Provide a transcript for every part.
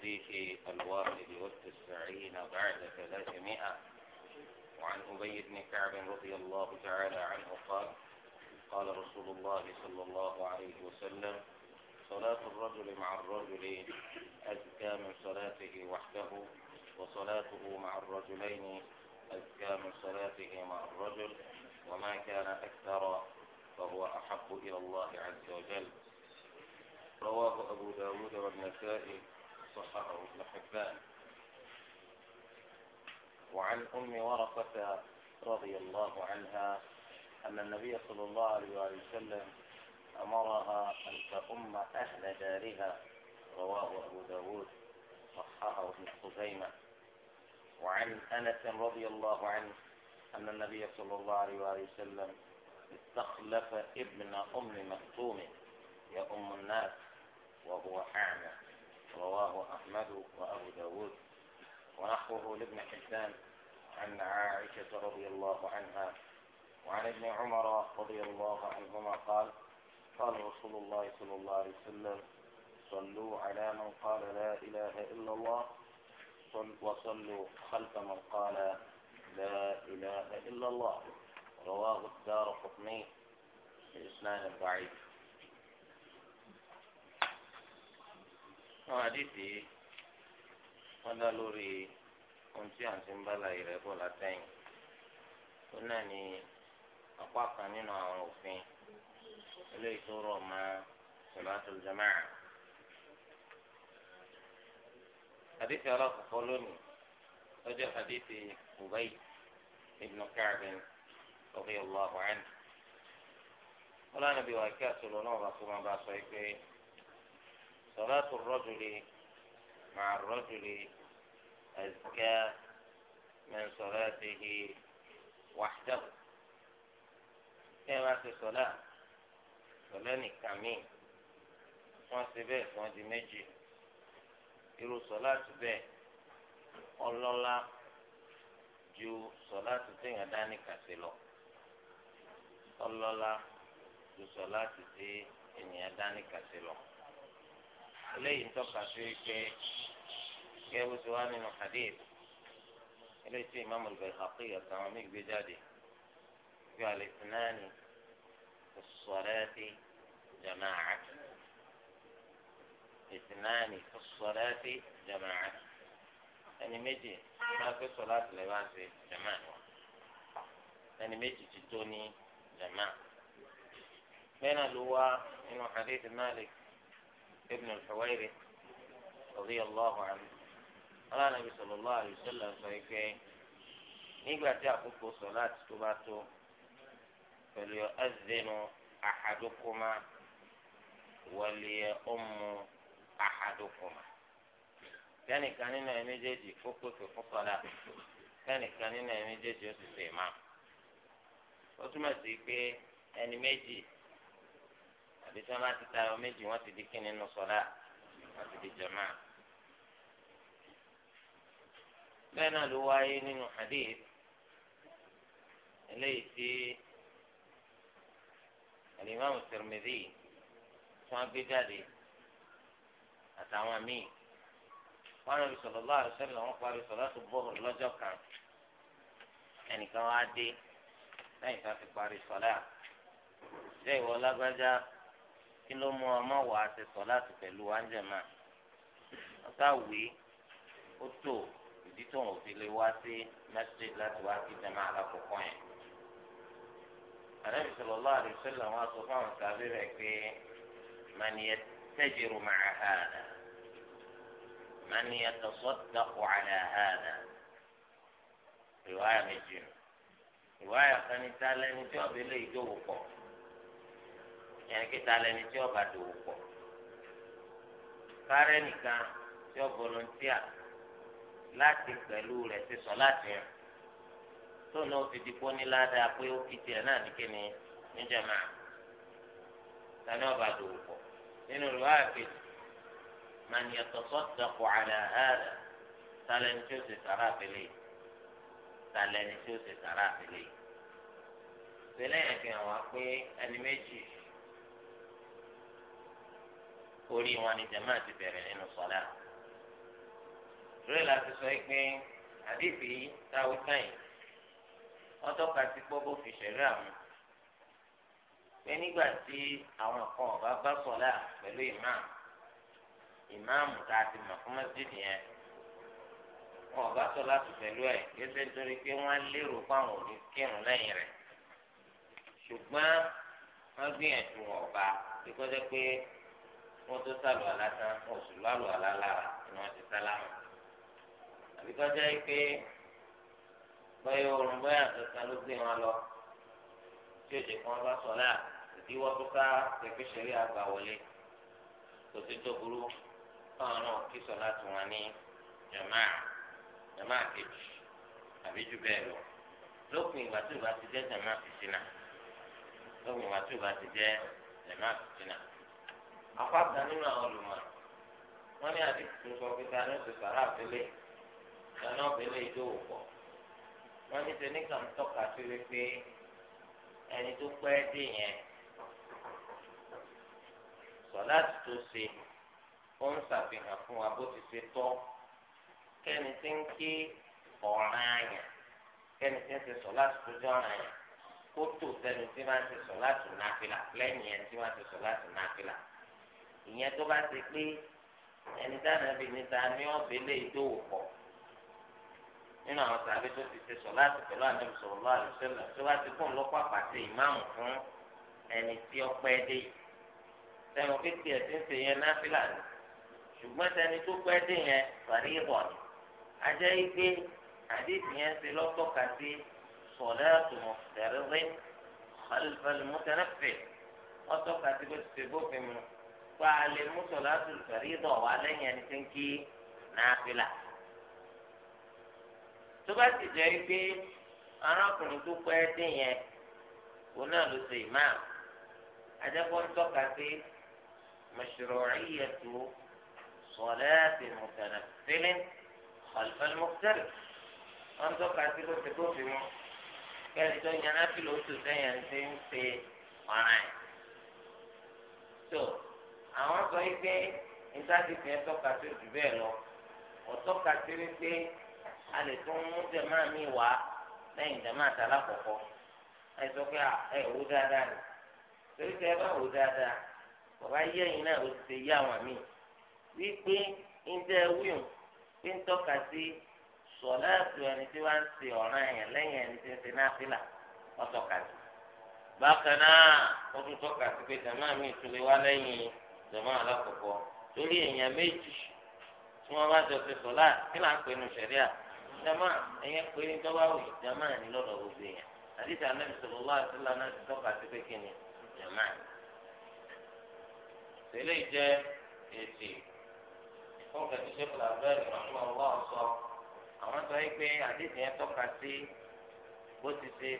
الحديث الواحد والتسعين بعد ثلاثمائة وعن أبي بن كعب رضي الله تعالى عنه قال قال رسول الله صلى الله عليه وسلم صلاة الرجل مع الرجل أزكى من صلاته وحده وصلاته مع الرجلين أزكى من صلاته مع الرجل وما كان أكثر فهو أحب إلى الله عز وجل رواه أبو داود والنسائي صححه ابن حبان وعن أم ورقة رضي الله عنها أن النبي صلى الله عليه وسلم أمرها أن تؤم أهل دارها رواه أبو داود صححه ابن خزيمة وعن أنس رضي الله عنه أن النبي صلى الله عليه وسلم استخلف ابن أم مكتوم يؤم الناس وهو أعمى رواه أحمد وأبو داود ونحوه لابن حسان عن عائشة رضي الله عنها وعن ابن عمر رضي الله عنهما قال قال رسول الله صلى الله عليه وسلم صلوا على من قال لا إله إلا الله وصلوا خلف من قال لا إله إلا الله رواه الدار قطني بإسناد ضعيف àwọn àdìsí wọn dá lórí ohun tí à ń ti ń bá láyé rẹ bọ̀ látẹ̀yìn tó náà ní apá kan nínú àwọn òfin eléyìí tó rọ̀ mọ́ sọ̀látù jamaa. àdìsí alákọ̀ọ́kọ́ lónìí lọ́jọ́ àdìsí Ubay ibn Ka'b radiyallahu anhu. wọn lánàá bí wàá kí àtúrò náà wà kó máa bá a sọ pé. صلاة الرجل مع الرجل أزكى من صلاته وحده كما في صلاة صلاة كمين wọ́n ti bẹ́ẹ̀ fún ọdún méjì irú sọláàtì bẹ́ẹ̀ ọlọ́lá ju sọláàtì téèyàn dání kàṣe lọ ọlọ́lá ju sọláàtì tí ènìyàn dání kàṣe lọ. eléyìí ń tọ́ka sí pé kẹ́ bó ti wá nínú hadith eléyìí tí imaamu al-Baihaqi àtàwọn míì gbé jáde fi al-ithnani as-salati jama'a ithnani as-salati jama'a ẹni méjì máa fẹ́ sọ láti lè máa ṣe jama'a ni wọn ẹni méjì ti tó ní jama'a bẹ́ẹ̀ náà ló wá nínú hadith Malik. ابن الحويرث رضي الله عنه قال النبي صلى الله عليه وسلم صحيحين nígbà tí àkókò sọláàtì tó bá tó pẹ̀lú ẹ̀zẹ̀nu àhàdókòmá wọlé ọmọ àhàdókòmá. kẹ́nìkan nínú ẹ̀ méjèèjì kó pèsè fún sọlá kẹ́nìkan nínú ẹ̀ méjèèjì ó sì sè má. ó túmọ̀ sí pé ẹni méjì àbí tí wọn bá ti tayọ méjì wọn ti di kí nínú sọlá wọn ti di jama bẹ́ẹ̀ náà ló wáyé nínú hadith eléyìí tí alimami Tirmidhi tí wọn gbé jáde àtàwọn míì wọn lọ sọlọ lọ àrùsọ wọn parí sọlá tó bọrọ lọ́jọ́ kan ẹnìkan wá dé lẹ́yìn tó ti parí sọlá ṣé ìwọ lágbájá kí ló mú ọmọ wà á ti sọ láti pẹ̀lú ájẹmà ọ̀tá wí ó tó ìdí tó ń fi lè wá sí masjid láti wá sí jẹmà alákọ̀ọ́kọ́ yẹn. ànábì sallallahu alaihi wasallam wọn sọ fún àwọn rẹ̀ pé mànìyẹ tẹ́jìrù màá hàdà mànìyẹ tọ́sọ́dàkù àlà hàdà ìwáyà méjì ìwáyà kan ní sálẹ́ ní tí ọ̀bẹ lè dówó pọ̀ yẹn kíta lẹni tí ọba dòwò pọ̀ kárẹ́ nìkan tí ó volunteer láti pẹ̀lú rẹ̀ ti sọ láti yàn tó náà fi dìbò ní ládàá pé ó fi tiẹ̀ náà ní kíni níjàmá tani ọba dòwò pọ̀ nínú rẹ̀ wá àgbèjì màá ní ẹ̀tọ́ sọ́dọ̀kọ̀ àdáhàdà tálẹ́ni tí ó ti sàrà àfẹlẹ́ tálẹ́ni tí ó ti sàrà àfẹlẹ́ tẹ́lẹ̀ yẹn fi hàn wá pé ẹni méjì orí wọn ni jama ti bẹ̀rẹ̀ nínú sọlá rẹ́là ti sọ pé àdìsí táwí káyìn wọ́n tọ́ka sí gbogbo fìṣẹ̀rí àwọn pé nígbà tí àwọn kan ọba bá sọlá pẹ̀lú ìmáàmù ìmáàmù tá a ti mọ̀ fún mọ́sídìí yẹn wọn ọba sọlá tó pẹ̀lú ẹ̀ gẹ́gẹ́ nítorí pé wọ́n lérò fáwọn òní kírun lẹ́yìn rẹ̀ ṣùgbọ́n wọ́n gbìyànjú ọba bí pé wọ́n tó sálù alásán oṣù lálù alálára ni wọ́n ti sálámù. àbí kọ́ jẹ́ pé bọ́yọ̀ oorun bọ́yà kankan ló gbé wọn lọ tí òjò kan bá sọ náà ìdíwọ́ tó ká pẹ̀pẹ́ ṣẹlẹ̀ àgbà wọlé kò sí tó burú káwọn náà kí sọ láti wọn ní jọ̀má jọ̀má kejì àbí jù bẹ́ẹ̀ lọ lópin ìgbà tí ò bá ti jẹ́ jọ̀má fìtínà lópin ìgbà tí ò bá ti jẹ́ jọ̀má fìtínà apáta nínú àwọn olùmọ̀ wọ́n ní àdìsí tó sọ pé ta ni ó ti sàrà àfẹlẹ ìdáná àfẹlẹ ìdówó pọ̀ wọ́n ní sẹni kàn tọ́ka sí wípé ẹni tó pẹ́ dé yẹn sọláàtì tó ṣe ó ń ṣàfihàn fún wa bó ti ṣe tọ́ kẹ́ni tí ń kí ọ̀ràn àyàn kẹ́ni tí ń ṣe sọláàtì tó jẹ́ ọ̀ràn àyàn kó sẹ́ni tí wọ́n ti sọláàtì náfìlà lẹ́yìn ẹni tí wọ́n ti sọláàtì náfìlà ìyẹn tó bá ti pé ẹni dáná bíi níta ni ọbẹ̀ lè dówò pọ̀ nínú àwọn sàbí tó ti ṣe sọ láti pẹ̀lú àdébù sọ̀rọ̀ lọ́wọ́ àdébùsọ̀lá tó bá ti fún lọ́pọ̀ àpàtẹ ìmáàmù fún ẹni tí ó pẹ́ dé sẹ́wọ̀n kékeré ti ń ṣe yẹn náfìlà ni ṣùgbọ́n sẹ́ni tó pẹ́ dé yẹn sàrí ìbọ̀ ni ajẹ́ igbe àdéhùn yẹn ṣe lọ́tọ̀ka sí sọ̀lẹ́ àtùmọ̀ tẹ̀rẹ́rẹ́ khalfal mutanaffil wọ́n tọ́ka sí bó ti ṣe bófin mu pa lè mú sọ̀láṣù fẹ̀rídọ̀ wá lẹ́yìn ẹni tí ń kí nàáfìlà. tó bá sì jẹ́ pé arákùnrin tó pẹ́ dín yẹn òun náà ló ṣe ìmáà ajẹ́pọ̀ ń tọ́ka sí mashru'iyyatu salati mutanaffilin khalfa al-muqtarib wọ́n tọ́ka sí ló ti kófin mu kẹ́ni tó yan náà fi sẹ́yìn ẹni tí ń ṣe ọ̀ràn ẹ̀ àwọn sọ yìí pé ìtàdìsí yẹn tọ́ka sí jù bẹ́ẹ̀ lọ ọ̀tọ́ka sí wípé a lè tún mú jẹ̀má mi wá lẹ́yìn jẹ̀má àtàlà kọ̀kọ́ ẹ sọ pé ẹ wò dáadáa ni torí pé ẹ bá wò dáadáa bàbá yẹ ẹ̀yin náà ó ti ṣe yé àwọn míì wípé ìjẹ́ wíwùn pé ń tọ́ka sí sọ̀láàtù ẹni tí wọ́n ń ṣe ọ̀ràn ẹ̀yàn lẹ́yìn ẹni tí ń ṣe náà fìlà ọ̀tọ̀ka sí bákan náà ó tún tọ́ka sí pé jẹ̀má mi ìtúlẹ̀ wá lẹ́yìn jọmọ alákọ̀ọ́kọ́ lórí èèyàn méjì tí wọ́n bá jọ ṣe sọ̀lá kí là ń pè ní sẹ̀ríà jọmọ ẹ̀yẹ pé ní tọ́wá jọmọ ní lọ́dọ̀ gbogbo èèyàn àdìsí anábì sọ̀rọ̀ lọ́wọ́ àti lọ́nà ti sí pé kí ni jọmọ. tẹ́lẹ̀ jẹ́ èsì fún kẹ́tí ṣe fúlà bẹ́ẹ̀ ìrànlọ́wọ́ ọsọ àwọn sọ pé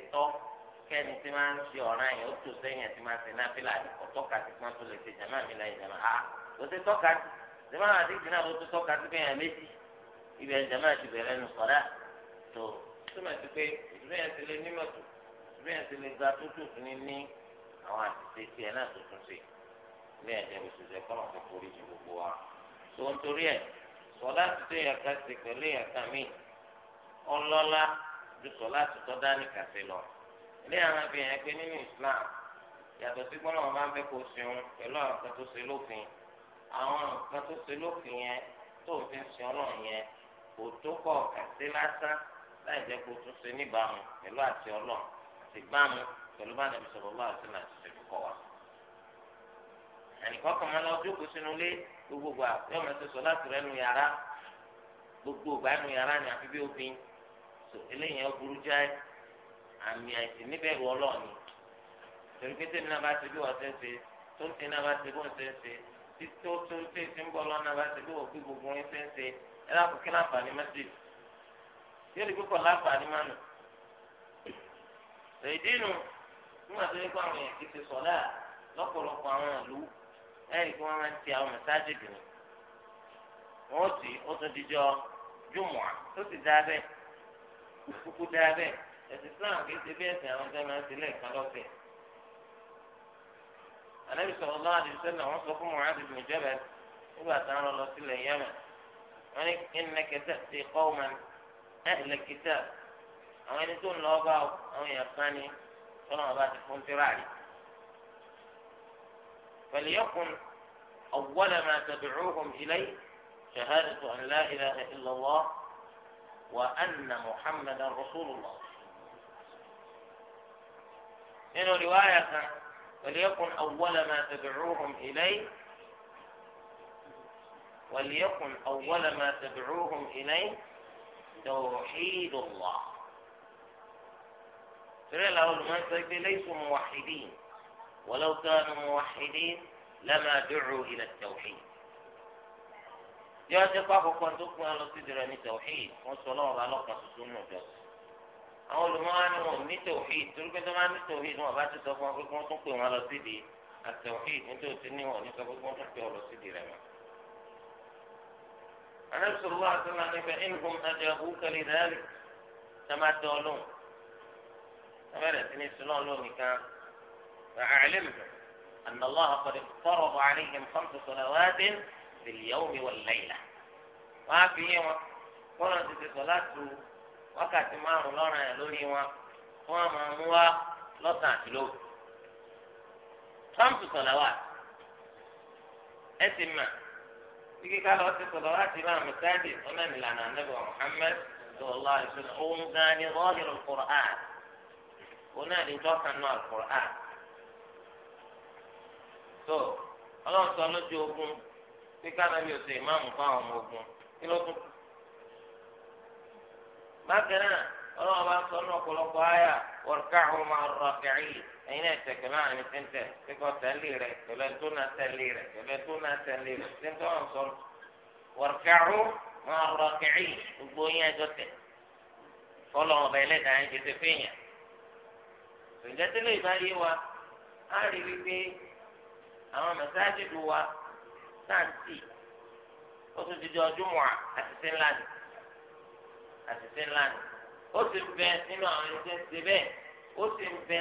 kẹ́ni tí máa ń ṣe ọ̀ràn yẹn ó tó sẹ́yìn tí máa ṣe náfìlà àdìpọ̀ tọ́ka sí pọ́n tó lè ṣe jàmá mi láyé jàmá a ah, kò sí tọ́ka sí jàmá àdìsí náà ló tó tọ́ka sí bẹ́yàn méjì ibẹ̀ jàmá ti bẹ̀rẹ̀ nù sọ̀rọ̀ tó túmọ̀ sí pé ìdúró yẹn ti lé nímọ̀ tó ìdúró yẹn ti lé ga tó tó fún ní ní àwọn àtìsí tiẹ̀ náà tó tún ṣe ilé ẹ̀jẹ̀ òṣìṣẹ́ kọ́nà kò forí ju gbogbo ilé àwọn abìyẹn pé nínú Islam yàtọ̀ sí gbọ́dọ̀ wọn bá ń fẹ́ kó sùn pẹ̀lú àwọn kan tó ṣe lófin àwọn kan tó ṣe lófin yẹn tó fi ń sùn ọlọ́run yẹn kò tó kọ̀ kàṣe lásán láì jẹ́ kó tún ṣe níbàámu pẹ̀lú àti ọlọ́run àti bámu pẹ̀lú bá nàbì sọ̀rọ̀ lọ́wọ́ àti nàbì sọ̀rọ̀ kọ̀ wá. ànìkọ́ kan máa lọ jókòó sínú ilé gbogbogbò àti ọmọ ẹsẹ̀ sọ láti rẹ nu yàrá gbogbo ìgbà nu yàrá ni àfi bí obìnrin àmì àìsàn níbẹ̀ wọ ọlọ́ọ̀ni torí pé tèmi náà bá ti bí wọ́n ṣe ń ṣe tó ń ṣe náà bá ti bó ń ṣe ń ṣe tí tó tó ń ṣe ti ń bọ́ lọ́nà bá ti bí wọ́n fi gbogbo ń ṣe ń ṣe ẹ lápò kí láǹfààní má ti yóò di pípọ̀ láǹfààní má nù. èdè nu nígbà tó yẹ kó àwọn èèyàn kì í ṣe sọ̀lá lọ́pọ̀lọpọ̀ àwọn ìlú ẹ̀rì kí wọ́n máa ń ti àwọn mẹ́sáàgì dùn ẹ̀sìn kì í ṣe bí ẹ̀sìn àwọn ọ̀sẹ̀ máa ń ṣe lẹ́ẹ̀kan lọ́sẹ̀. ànábì sọ̀rọ̀ lọ́wọ́ àdìsẹ́ náà wọ́n sọ fún Mu'adh ibn Jabal nígbà tá a lọ sílẹ̀ Yemen wọ́n ní innaka ta'ti qawman ahla kitab àwọn ẹni tó ń lọ bá àwọn èèyàn kan ní tọ́lọ́mọ bá ti fún tíráàlì. falyakun awwala ma tad'uhum ilayhi shahadatu an la ilaha illallah wa anna muhammadan rasulullah. إنه رواية فليكن وليكن أول ما تدعوهم إليه وليكن أول ما تدعوهم إليه توحيد الله فعل أول ما ليسوا موحدين ولو كانوا موحدين لما دعوا إلى التوحيد يا شيخ أخو كنت أقول لك تدرني توحيد وصلى الله على قصص النجاة àwọn olùmọ̀wání wọn ò ní tòhíì torí pé tó máa ní tòhíì wọn bá ti sọ fún wọn pé wọ́n tún pè wọn lọ sídi àtòhíì nítorí tí ní wọn ò ní sọ pé wọ́n tún pè wọn lọ sídi rẹ̀ mọ́. النبي صلى الله عليه وسلم فإنهم أجابوك لذلك كما تقولون كما نتني سلون لونك فأعلمهم أن الله قد افترض عليهم خمس صلوات في اليوم والليلة ما في يوم قلنا في صلاة wákàtí márùn lọ́ràn yẹn lórí wọn wọn máa mú wá lọ́sàn àti lóru sáǹpù sọ̀làwà ẹ ti mà kíkíkà lọ sí sọ̀làwà ti máa mú sáàdì ọ̀nà ìlànà ànábì Muhammad sọ̀lá ìṣẹ̀lẹ̀ òun gan ni rọ́ọ̀lù kùrán òun náà ní tọ́kàn náà kùrán tó ọlọ́run sọ lójú ogun kíkà náà bí o ṣe ìmáàmù fáwọn ọmọ ogun kí ló tún bákan náà ọlọ́run bá ń sọ ní ọ̀pọ̀lọpọ̀ àyà warka'u ma'a ar-raki'in ẹ̀yin náà tẹ̀kẹ́ máa ní tẹ́ntẹ́ pípọ̀ tẹ́lẹ̀ rẹ̀ pẹ̀lú ẹni tó náà tẹ́lẹ̀ rẹ̀ pẹ̀lú ẹni tó náà tẹ́lẹ̀ rẹ̀ tẹ́ntẹ́ wọn sọ warka'u ma'a ar-raki'in gbogbo yín ẹjọ́ tẹ̀ fọlọ́run ọba ẹlẹ́dàá yín tètè fẹ́yàn. ìjẹ́tẹ́lẹ̀ ìbáyé wa á àtẹ̀tẹ̀ ńlá ni ó sì ń bẹ nínú àwọn ẹni tí ń ṣe bẹ́ẹ̀ ó sì ń bẹ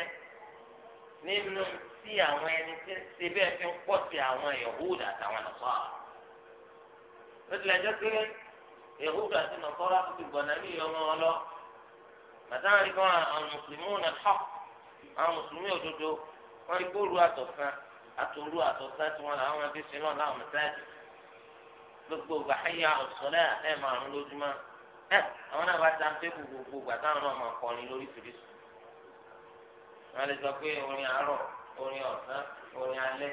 nínú tí àwọn ẹni tí ń ṣe bẹ́ẹ̀ fi ń pọ̀ sí àwọn Yahuda àtàwọn Nasara ó ti lẹ́jọ́ pé Yahuda àti Nasara ti gbọ̀nà ní ìyọmọ wọn lọ màtáwọn rí kan àwọn mùsùlùmí náà hàn àwọn mùsùlùmí òdodo wọn rí kóòrú àtọ̀kan àtòrú àtọ̀kan tí wọn làwọn ẹbí sinú láwọn mẹ́tàdì gbogbo gbàhẹ́yà ọ̀sọ́lẹ́ àtẹ́ márùn lójúmọ́. ẹ eh, àwọn náà bá ta tébù gbogbo gbà táwọn náà máa kọrin lóríṣiríṣi wọn lè sọ pé orin àárọ̀ orin ọ̀sán orin alẹ́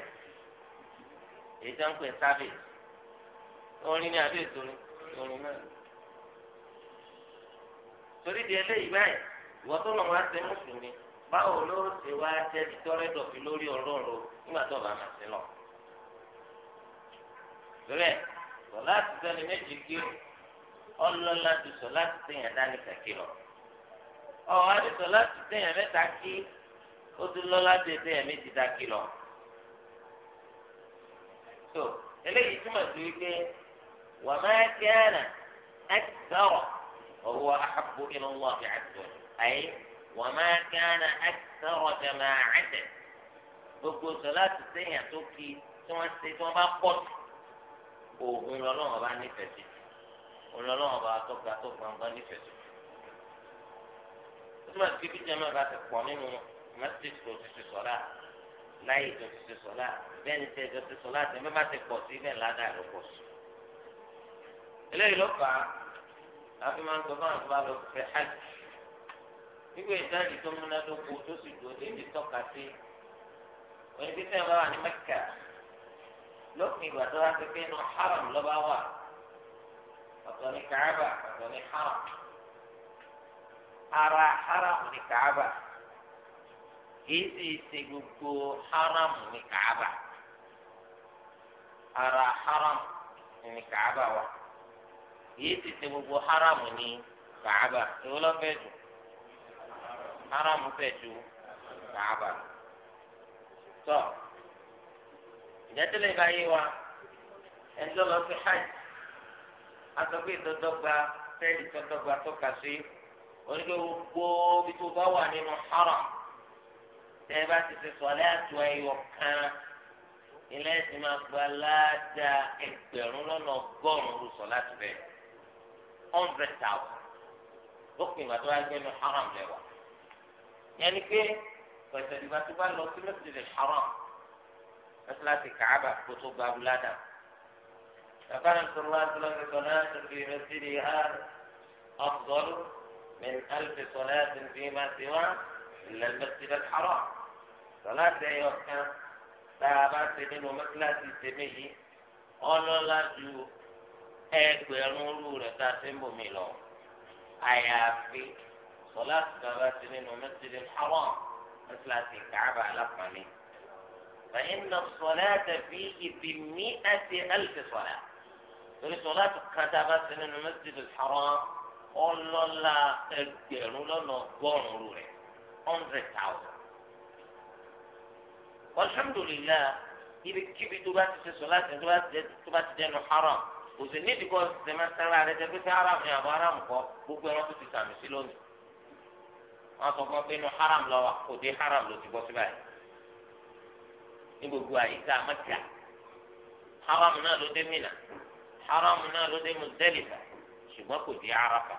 èyí tó ń pè sábẹ orin ní di eléyìí báyìí ìwọ tó lọ wá mùsùlùmí báwo ló ṣe wá jẹ títọrẹ dọfí lórí ọ̀rọ̀ nígbà tó bá máa ṣe lọ. rẹ sọlá méjì kí o. ọlọ́lá ti sọ láti tẹ̀yàn dání kàkí lọ. ọ̀hún àdìsọ láti tẹ̀yàn mẹ́ta kí ó tún lọ́lá ti tẹ̀yàn méjì dákí lọ. tó eléyìí túmọ̀ sí wípé wà máa kẹ́hánà ẹ̀kẹ́sọ̀rọ̀ ọ̀hún àhàbò inú wọn fi àtúntò ayé wà máa kẹ́hánà ẹ̀kẹ́sọ̀rọ̀ tẹ̀ máa àtẹ̀ gbogbo sọ láti tẹ̀yàn tó kí tí wọ́n ṣe tí wọ́n bá pọ̀ òògùn lọ́lọ́run ọba nífẹ̀ẹ́ sí olólùwọ̀n bá tó ga tó gbọ̀ngàn nífẹ̀ẹ́ tó tó túmọ̀ sí bíjẹ́ máa bá ti pọ̀ nínú mẹ́tíríkì tó ti ti sọ̀rọ̀ láyé tó ti ti sọ̀rọ̀ bẹ́ẹ̀ ni tẹ́jọ́ ti sọ̀rọ̀ àti bẹ́ẹ̀ bá ti pọ̀ sí bẹ́ẹ̀ ládàá ló pọ̀ sí. eléyìí ló fà á láti máa ń sọ fún àwọn àlọ́ fẹ́ hajj wípé ìdájì tó múnádóko tó sì dùn èyí tọ́ka sí oníbísẹ́ wa ní mẹ́kà lópin ìgbà tó wá pé pé inú haram lọ́ba wà ọ̀tọ̀ ní kàába ọ̀tọ̀ ní haram ara haram ní kàába kìí sì ṣe gbogbo haram ní kàába ara haram ní kàába wa kìí sì ṣe gbogbo haram ní kàába èwo ló fẹ́ jù haram fẹ́ jù kàába tọ́ ìdẹ́tẹ́lẹ̀ báyé wa ẹjọ́ lọ sí hajj asọ̀gbé ìtọ́dọ́gba sẹ́ẹ̀lì tọ́dọ́gba tọ́ka sí onígbé gbogbo bí tó bá wà nínú haram tẹ́ ẹ bá ti ṣe sọ̀lẹ́ àtò ẹ̀yọ̀ kan ilé ẹ̀sìn máa gba láàdá ẹgbẹ̀rún lọ́nà ọgọ́rùn-ún ló sọ láti bẹ̀ hundred thousand lópin ìgbà tó wá gbé nínú haram lẹ́wà yẹn ni pé pẹ̀sẹ̀ ìgbà tó bá lọ sí mẹ́sìlẹ̀ haram mẹ́sìlẹ̀ àti kàábà kó tó gba abúládàá. فكان صلى الله عليه وسلم صلاة في مسجده هذا أفضل من ألف صلاة فيما سواه إلا المسجد الحرام صلاة أيها يوكا تابعت منه مثل سيسميه ọlọ́lá ju جو أكو rẹ̀ tá a ti ń bomi lọ. àyàfi sọlá bàbá ti nínú mẹsìlẹ̀ haram mẹsìlẹ̀ فإن الصلاة فيه بمئة ألف صلاة torí sọlá tó kájà bá sí nínú mẹsìlẹ haram ọlọ́lá ẹgbẹ̀rún lọ́nà ọgọ́rùn-ún rẹ̀ hundred thousand. alhamdulilayi ibikíbi tó bá ti ṣe sọlá tó bá ti tó bá ti dẹnu haram kò sí ní ìdíkọ́ sẹ́mẹ́ sára rẹ̀ jẹ́ pé sí haram ni àbọ̀ haram kọ́ gbogbo ẹran tó ti sàmì sí lónìí. wọ́n sọ fún ọ pé inú haram lọ wa kò dé haram ló ti bọ́ sí ní gbogbo àyíká mẹ́ta haram náà ló dé mìíràn. حرام نالو دي مزدلفة شبكو دي عرفة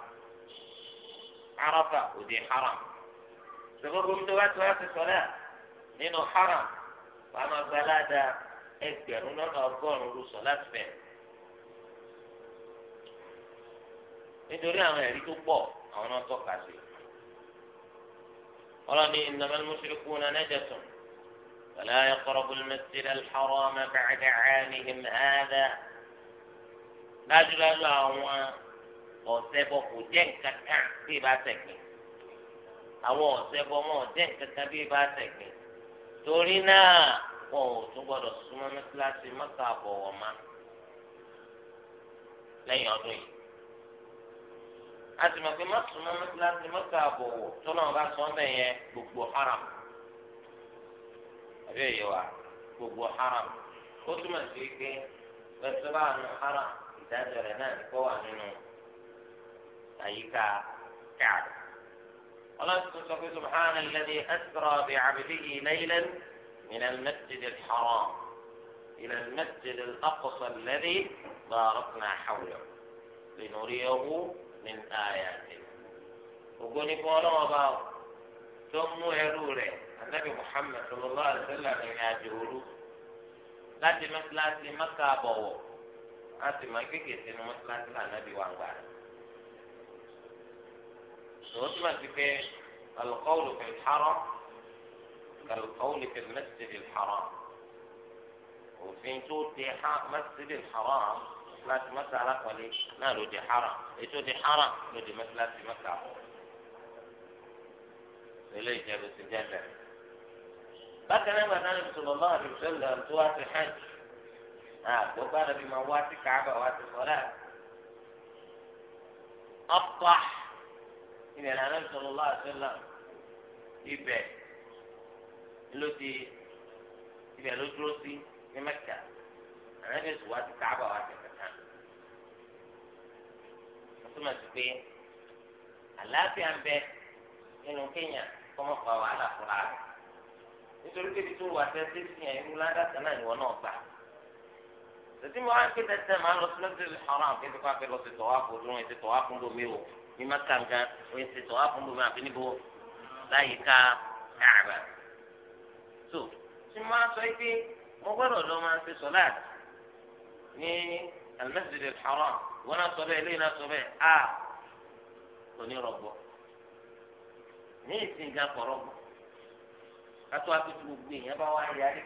عرفة ودي حرام شبكو قلت وقت وقت صلاة لأنه حرام فأنا صلاة إذكر ونالو أفضل ونالو صلاة فين نيدوري أنا يريدو بو أنا أتوقع شيء قال لي إنما المشركون نجس فلا يقربوا المسجد الحرام بعد عامهم هذا dájúdájú àwọn ọ̀sẹ̀ kò jẹ́ nǹkan kan bí ìbá sẹ̀gbìn àwọn ọ̀sẹ̀ bọ jẹ́ nǹkan kan bí ìbá sẹ̀gbìn torí náà wọn ò tún gbọdọ̀ súnmọ́ ní kíláàsì mọ́tò àbọ̀wọ̀ lẹ́yìn ọdún yìí a sì mọ̀ pé má súnmọ́ ní kíláàsì mọ́tò àbọ̀wọ̀ tó náà bá sọ gbogbo haram àbí èyí wa gbogbo haram ó túmọ̀ sí pé haram. ìdájọ́ rẹ̀ náà kó wà nínú àyíká káàdì. ọlọ́run tó sọ pé subhana alladhi asra bi abdihi laylan min al-masjid al-haram ila al-masjid al-aqsa alladhi barakna hawlahu linuriyahu min ayatina. ògo ni kó ọlọ́wọ́ bá tó mú ẹrú rẹ̀ anabi muhammed sallallahu alaihi wa sallam ìrìn àjò òru láti mẹ́tíláṣí mẹ́kà bọ̀wọ̀. a sì máa kéèké sínú mọ́sálásí ànábì wa gbà. Sọ̀rọ̀ tó máa ti pé alukọ́wùlù fi xarọ́ alukọ́wùlù fi mẹ́sìlì xarọ́. Òfin tó di mẹ́sìlì xarọ́ mọ́sálásí mọ́sálá kọ́lé náà ló di xarọ́. Ètò di xarọ́ ló di mọ́sálásí mọ́sálá. Lọ́lọ́ ìjẹ́bù ti jẹ́ bẹ̀rẹ̀. Bákan náà, bàtà ní bisalòlá àdìsẹ́lẹ̀ tó wá ti xẹ́jì. àgbọ̀gbá ah, nàbí máa wá sí káàbà wá sí sọ́lá. ọ̀pá ìrìn àná sọ̀rọ̀ lọ́wọ́ àṣẹlá ibẹ̀ ló ti ibẹ̀ ló dúró sí ní mẹ́kà àná bí sùn wá sí káàbà wá sí kàkà. wọ́n túmọ̀ sí pé àlàáfíà ń bẹ nínú Kenya kọ́mọ́ pa wàhálà fúnra rẹ̀ nítorí pé ibi tó wà sẹ́sẹ́ sí ẹ̀ ń ládàá kan náà ni wọ́n náà gbà tètè mo á ké tẹsẹ máa lọ sí lọsẹ haram kí n ti kọ́ àfẹ lọ sí tọ́wá fún ojú wọn ti tọ́wá fún bomi o ní má kàǹkà wọn ti tọ́wá fún bomi àfi níbo láyé ká àrà so tí mo á sọ yìí pé mo gbọ́dọ̀ lọ máa ṣe sọ́lá ní al-masjid al-haram wọn náà sọ bẹ́ẹ̀ lẹ́yìn náà sọ bẹ́ẹ̀ a kò ní rọgbọ ní ìsìn ìjà kọ̀ rọgbọ kátó àti gbogbo èèyàn bá wá yà á ní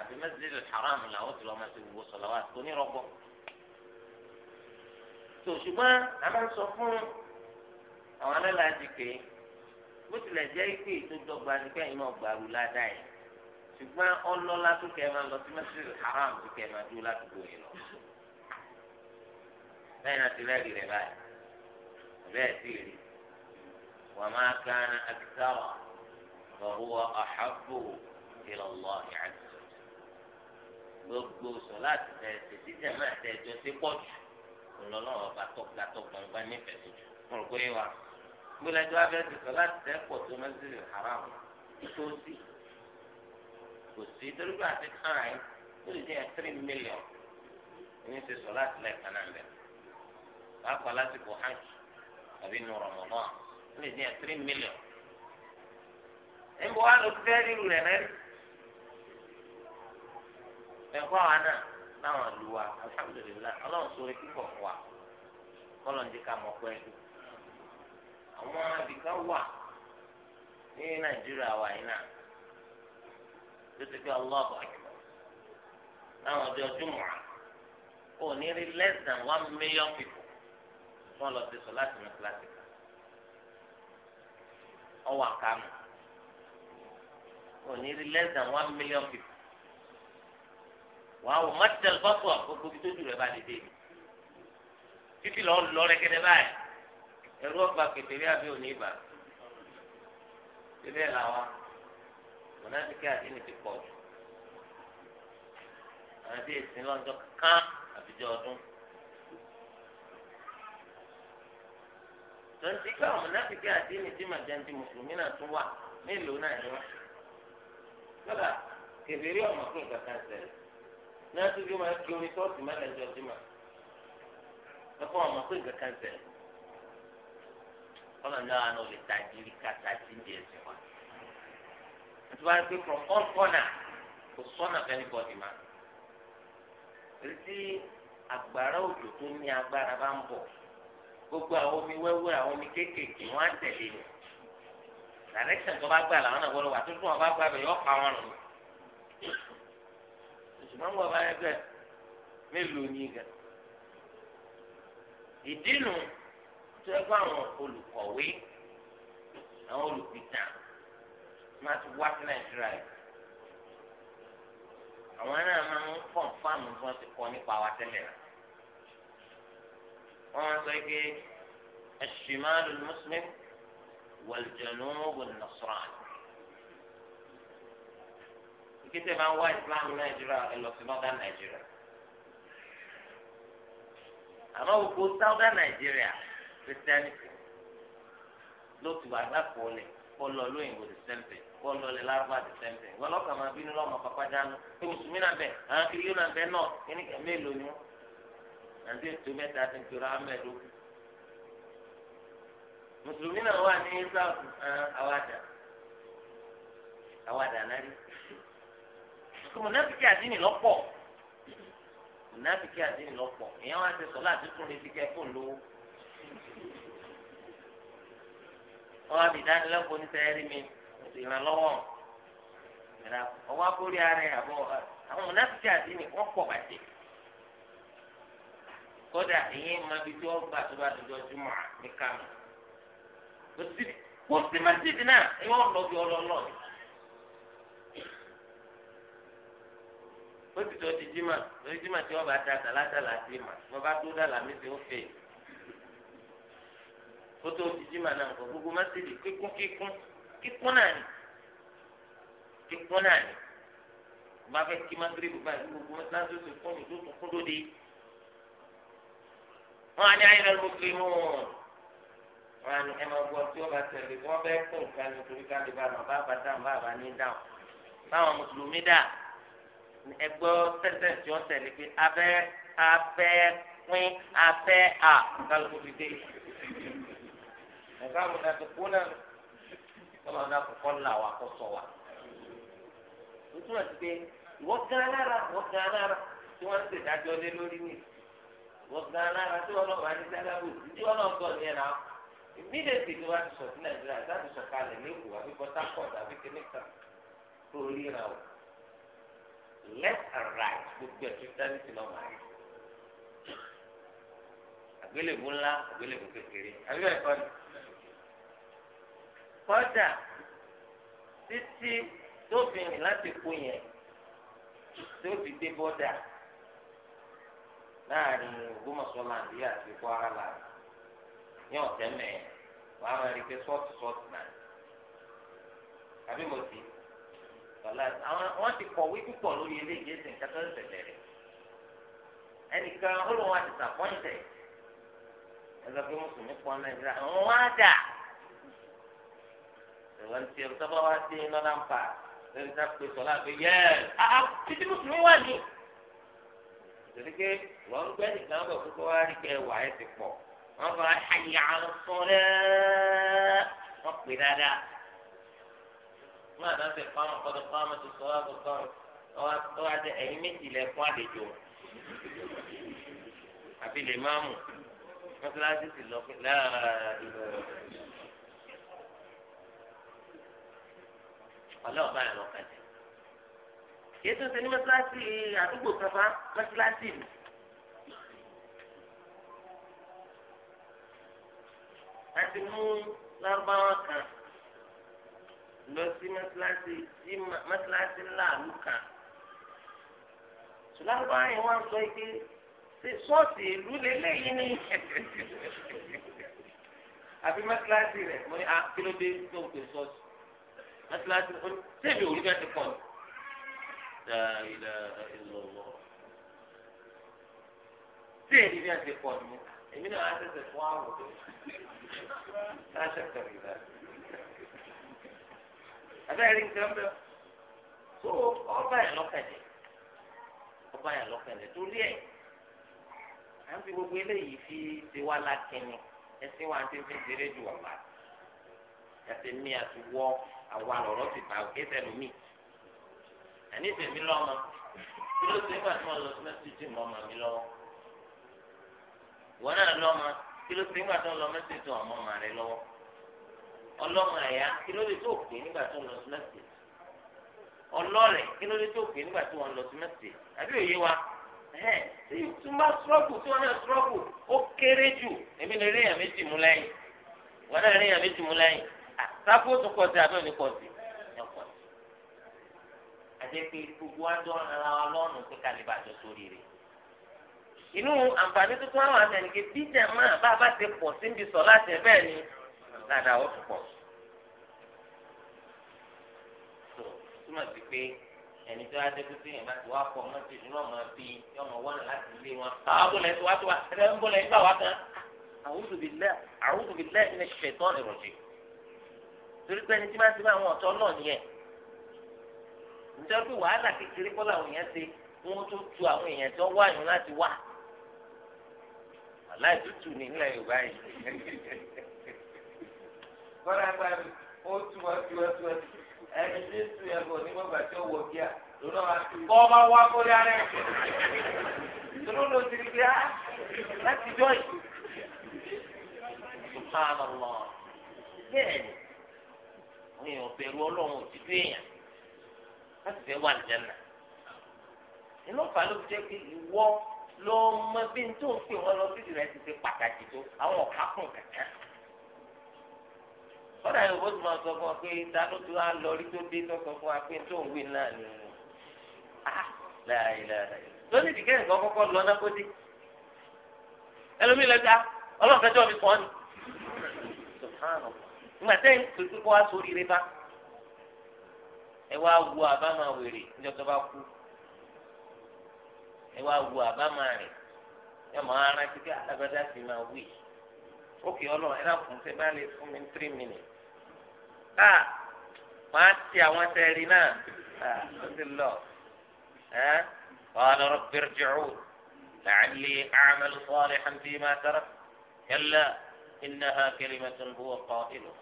àbí masjid haram làwọn ti lọ máa ti wò sọlá wa tó ní rọgbọ. tó ṣùgbọ́n a máa ń sọ fún àwọn alálàájì pé bó tilẹ̀ jẹ́ pé ìtòjọba ni kẹ́yìn náà gbàrú ládàá yẹn ṣùgbọ́n ọlọ́lá tó kẹ́ máa lọ sí masjid haram tó kẹ́ máa dúró ládùúgbò yẹn lọ. bẹ́ẹ̀ náà ti rẹ̀ báyìí bẹ́ẹ̀ sì rí وما كان أكثر فهو أحب إلى الله عز gbogbo sọ láti tẹ tètè tẹ máa tẹ ẹjọ sí pọ̀jù ńlọlọrọ bá tọgbà tọgbàǹgbà nífẹ̀ẹ́ lójú mo rò pé wa gbọlẹjọ abẹsẹ sọ láti tẹ pọ tó mẹsìlẹ haram tó sí kò sí torí pé àti káàyè ó lè jẹ three million ní ti sọ láti lẹ́ẹ̀kan náà bẹ pàápàá lásìkò hajj àbí nu ó lè jẹ three million ẹ bọ wá lọ fẹẹ rírù rẹ náà. ẹ̀kọ́ àwa náà láwọn lu wa alhamdulilayi ọlọ́run sọ̀rọ̀ kíkọ̀ wa kọ́lọ̀ ní ká mọ̀ pẹ́ àwọn abìkan wà ní nàìjíríà wa yìí náà tó ti pé ọlọ́ọ̀bù àjùmọ̀ láwọn ọjọ́ ní rí less than one million people tí wọ́n sọ láti mú kíláàsì kan. less than one million people. wà á wò mọ́tẹ́l bọ́sọ̀ gbogbo ibi tó jù rẹ̀ bá lè dé títí lọ lọ rẹ kẹdẹ báyìí ẹrú ọgbà kẹtẹrí àbí òní ibà síbẹ̀ làwọn mọ̀nàdíkì àdínì ti pọ̀ jù àwọn tí èsì lọ́jọ́ kán àbíjọ ọdún. tonti ká àwọn mọ̀nàdíkì àdínì tí màjáǹdì mùsùlùmí náà tún wà mélòó náà ni wọ́n. lọ́dà kẹfẹ́rí ọmọ tó gbàgbà sẹ́yìn náà tó bí máa kí orin sọ́ọ̀tì má lẹ́jọ́ jimá ẹ̀fọ́ ọmọ pé nǹkan kan sẹ̀ kọ́nà náà náà lè tajiri ká tajiri ẹ̀sìn wa àti wáyé pé from all corner kò sọ́nà fẹ́ni bọ́dì má ètí àgbàrá òjò tó ní agbára bá ń bọ̀ gbogbo àwọn omi wẹ́wẹ́ àwọn omi kéékèèké wọ́n á tẹ̀lé rẹ̀ direction tó bá gbà làwọn náà gbọ́dọ̀ wà tó tún wọn bá gbà bẹ̀ yọ ṣùgbọ́n bọ̀ báyẹn pẹ́ mélòó ní gan. ìdí nu tó ẹgbẹ́ àwọn olùkọ̀wé àwọn olùpìtàn máa ti wá sí nàìjíríà yìí àwọn náà máa ń pọ̀ fáàmù tí wọ́n ti kọ́ nípa wa tẹ́lẹ̀ rẹ̀ wọ́n máa sọ pé الشمال المسلم والجنوب النصراني kété máa ń wá ìsìláàmù nàìjíríà ẹ lọ sí northern nàìjíríà àmọ́ gbogbo southern nàìjíríà christianity ló ti wà lápòólẹ̀ kọlọ lóyìnbó the same thing kọlọ lè lárúbá the same thing wọn lọ́kàn máa bínú lọ́mọ pápájánu pé mùsùlùmí náà bẹ̀ àwọn kìlíọ̀ náà bẹ̀ náà kíní kẹ́ mélòó ni wọn àti ètò mẹ́ta ti ń tura amẹ́dó mùsùlùmí náà wà ní south àwàdà àwàdà náà rí tó mọ̀nàfíkì àdínì lọ́pọ̀ mọ̀nàfíkì àdínì lọ́pọ̀ èèyàn wá ti sọ láti fún mi síkẹ́ fún lówó. wọ́n á bì dánilẹ́kọ̀ọ́ mi ìrànlọ́wọ́ ìrà ọwọ́ akórí ara ẹ̀ àwọn mọ̀nàfíkì àdínì wọ́n pọ bàjẹ́ kódà èyí máa bi tí wọ́n gbà tó bá dojú kánò kò sí kò sí náà ó ti tó di jimá lórí jimá tí wọn bá da dàládàlá sí ma wọn bá tó dàlá mi sí ó fè kó tó di jimá náà nǹkan gbogbo má ti di kíkún kíkún kíkún náà ni kíkún náà ni wọn bá fẹ́ kí má gírí bùbá yìí gbogbo má sáà sọsọ fún mi tó tún kún lóde wọn á ní ayélujára ló fi mú wọn á ní ẹ gbọ́ tí wọn bá tẹ̀lé wọn bẹ kó nǹkan nítorí ká lè bá a bá a bá dáhùn bá a bá ní ẹgbẹ́ sẹ́sẹ̀ tí wọ́n tẹ̀lé pé abẹ́ abẹ́ pín abẹ́ à kálukú ti dé. ẹ̀ka àwọn ọ̀dàtò kú náà kọ́lọ́ náà kò kọ́ là wà kó sọ wà. ó túmọ̀ sí pé ìwọ gan lára ìwọ gan lára tí wọ́n ń ṣèdájọ́ lé lórí mi ìwọ gan lára tí wọ́n náà wà ní sálábù tí wọ́n náà gbọ́ ní ẹ̀ immediately tí wọ́n ti sọ sí nàìjíríà láti sọ kalẹ̀ lẹ́kọ̀ọ́ àbí port harcourt àbí kẹ́míkà tó ríra o left and right gbogbo ẹ̀ christianity lọ́mọ ayé àgbélébù ńlá àgbélébù kékeré àbí bẹ́ẹ̀ kọ́ ni kọ́dà títí tó fi rìn láti kú yẹn tó fi dé bọ́dà láàrin Ògbómọ̀ṣọ́ làǹdí àti Kwara làǹdí ní ọ̀tẹ́ mẹ́ẹ̀ wàá máa rí i pé náà àbí mo ti wàlá àwọn wọn ti kọ̀wé púpọ̀ lórí eléyìí ẹsẹ̀ nǹkan tó ń ṣẹlẹ̀ rẹ̀ ẹnìkan olùwọ́n àti sàpọ́ǹtẹ̀ ẹgbẹ́ pé mùsùlùmí pọ̀ nàìjíríà àwọn wọn á dà ìwọ́n ti ẹ̀rọ sábà wá sí nọ́dà ń pa lẹ́yìn tá a pè sọ́lá pé yẹ́ ẹ̀ títí mùsùlùmí wà ní. ìtòlí pé wọ́n ń gbẹ́ nìkan bọ̀ kókó wá rí kẹ́ wà ẹ̀ ti pọ̀ wọ́n fọ ayé àwọn sọ́ọ́rẹ́ wọ́n pè dáadáa máa náà fẹ́ fáwọn kọ́dọ̀ fáwọn tó sọ wá gbọ́ tó wá jẹ ẹ̀yìn méjì lẹ fún àlejò àbí lè máa mú mọ́tíláṣí sì lọ pé láàárọ̀ ọlọ́ọ̀bá ẹ̀ lọ́kàn jẹ. kìí tún ṣe ní mọ́tíláṣí àdúgbò kankan mọ́tíláṣí mi. a mú lárúbáwá kan lọ sí mọ́sálásí sí mọ́sálásí ńlá àlù kan. Sùlágbá yẹn wá sọ pé ṣé sọ́ọ̀sì ìlú lélẹ́yìn ni àbí mọ́sálásí rẹ̀ mo ní akílódé ah, tó ń pè sọ́ọ̀sì mọ́sálásí ó tẹ̀lé òrí bẹ́ẹ̀ ti pọ̀ ní. dáìlà ìlọ̀lọ̀ tẹ̀lé bẹ́ẹ̀ ti pọ̀ ní. èmi náà á tẹ̀sẹ̀ fún àwòrán. láṣẹ kẹrìndínláàdì abẹ́rẹ́ nǹkan bẹ́ẹ̀ tó ọba yẹn lọ́kẹ̀dẹ̀ ọba yẹn lọ́kẹ̀dẹ̀ torí ẹ̀ à ń fi gbogbo eléyìí fi ṣe wá lákìnni ẹsìn wa ti fi ṣeré ju ọ̀la ẹsìn mi àti wọ àwa lọ̀rọ̀ ti bá òkè sẹ́nu mi àní tèmi lọ́mọ kí ló ṣe nígbà tí wọ́n lọ sí mẹ́sìtì mọ́ ọmọ mi lọ́wọ́ ìwọ náà lọ́mọ kí ló ṣe nígbà tí wọ́n lọ mẹ́sìtì ọmọ ọmọ rẹ lọ́wọ́ ọlọ́mọ àyà kí ló lè tó pè nígbà tó ń lọ sí mẹ́sì ọlọ́rẹ̀ kí ló lè tó pè nígbà tó ń lọ sí mẹ́sì àbí òye wa ẹ̀ tí tún bá sọ́ọ̀bù tí wọ́n náà sọ́ọ̀bù ó kéré jù èmi lè rí èèyàn méjì mú lẹ́yìn wọ́n náà rí èèyàn méjì mú lẹ́yìn àtàkùn tó pọ̀ sí àbí òní pọ̀ sí ẹ̀ pọ̀ sí. àjẹpé gbogbo adó ara wa lọ́rùn pé kàlíbà jọ sórí rẹ̀ inú àǹfààní tuntun àwọn àtẹnìkè bíjà máa bá a bá ti pọ̀ síbi sọ láti ẹ̀ bẹ́ẹ̀ ni dáadáa ó tún pọ̀ tó túmọ̀ sí pé ẹni tó adékú tí yẹn bá ti wá pọ̀ mọ́tò ìdúró ọmọ bí ọmọ wọn láti lé wọn. àwọn bọ̀lẹ̀ tó wá tó wá ẹ ń bọ̀lẹ̀ nígbà wá kan. a'udhu billahi a'udhu billahi minash shaitonir rajim. torí pé ẹni tí máa ń sinmi àwọn ọ̀tọ́ náà nìyẹn. nítorí pé wàhálà kékeré kọ́ làwọn èèyàn ṣe wọ́n tó tu àwọn èèyàn tó wá yùn láti wá. aláìtútù ní ilẹ̀ yorùbá yìí kọ́lá gbàgbé ó túmọ̀ túmọ̀ túmọ̀ ẹni tí ń tu ẹ̀bùn onígbàgbà tí ó wọ bíà lọ́nà wa kọ́ ọba wá kórè ara ẹ̀ ló ti rí bí ah, láti jọ yìí. subhanallah bẹ́ẹ̀ wọ́n yàn bẹ̀rù ọlọ́run òtítọ́ èèyàn láti fẹ́ wà nìjẹ́nà iná fà ló jẹ́ pé ìwọ lọ́ọ́ mọ bí n tó ń pè wọ́n lọ sí ìrẹsì ti pàtàkì tó àwọn ọ̀ka fún kankan. kọ́dà yóò bóso máa sọ fún ọ pé dáná tó wá lọ rí tó dé tó fún wa pé tó ń wí náà ni ah, lónìí ìdíkẹ́ nǹkan kọ́kọ́ lọ náà kó dé ẹlòmíì lẹ́ta ọlọ́run fẹ́jọ́ mi kàn ni nígbà tẹ́ ń pè kó wá sórí rẹ bá ẹ wá wo àbámà wèrè níjọ́ tó bá kú ẹ wá wo àbámà rẹ̀ ẹ máa rántí pé alágbádá sì máa wí ókè ọlọ́run ẹ náà fún ṣe bá lè fún mi three minutes a ah, máa ti àwọn sẹ́ẹ̀rì náà a ah, ó ti lọ ẹ eh? qala rabbi irji'un la'alli a'malu salihan fima tarak kalla innaha kalimatun huwa qailuha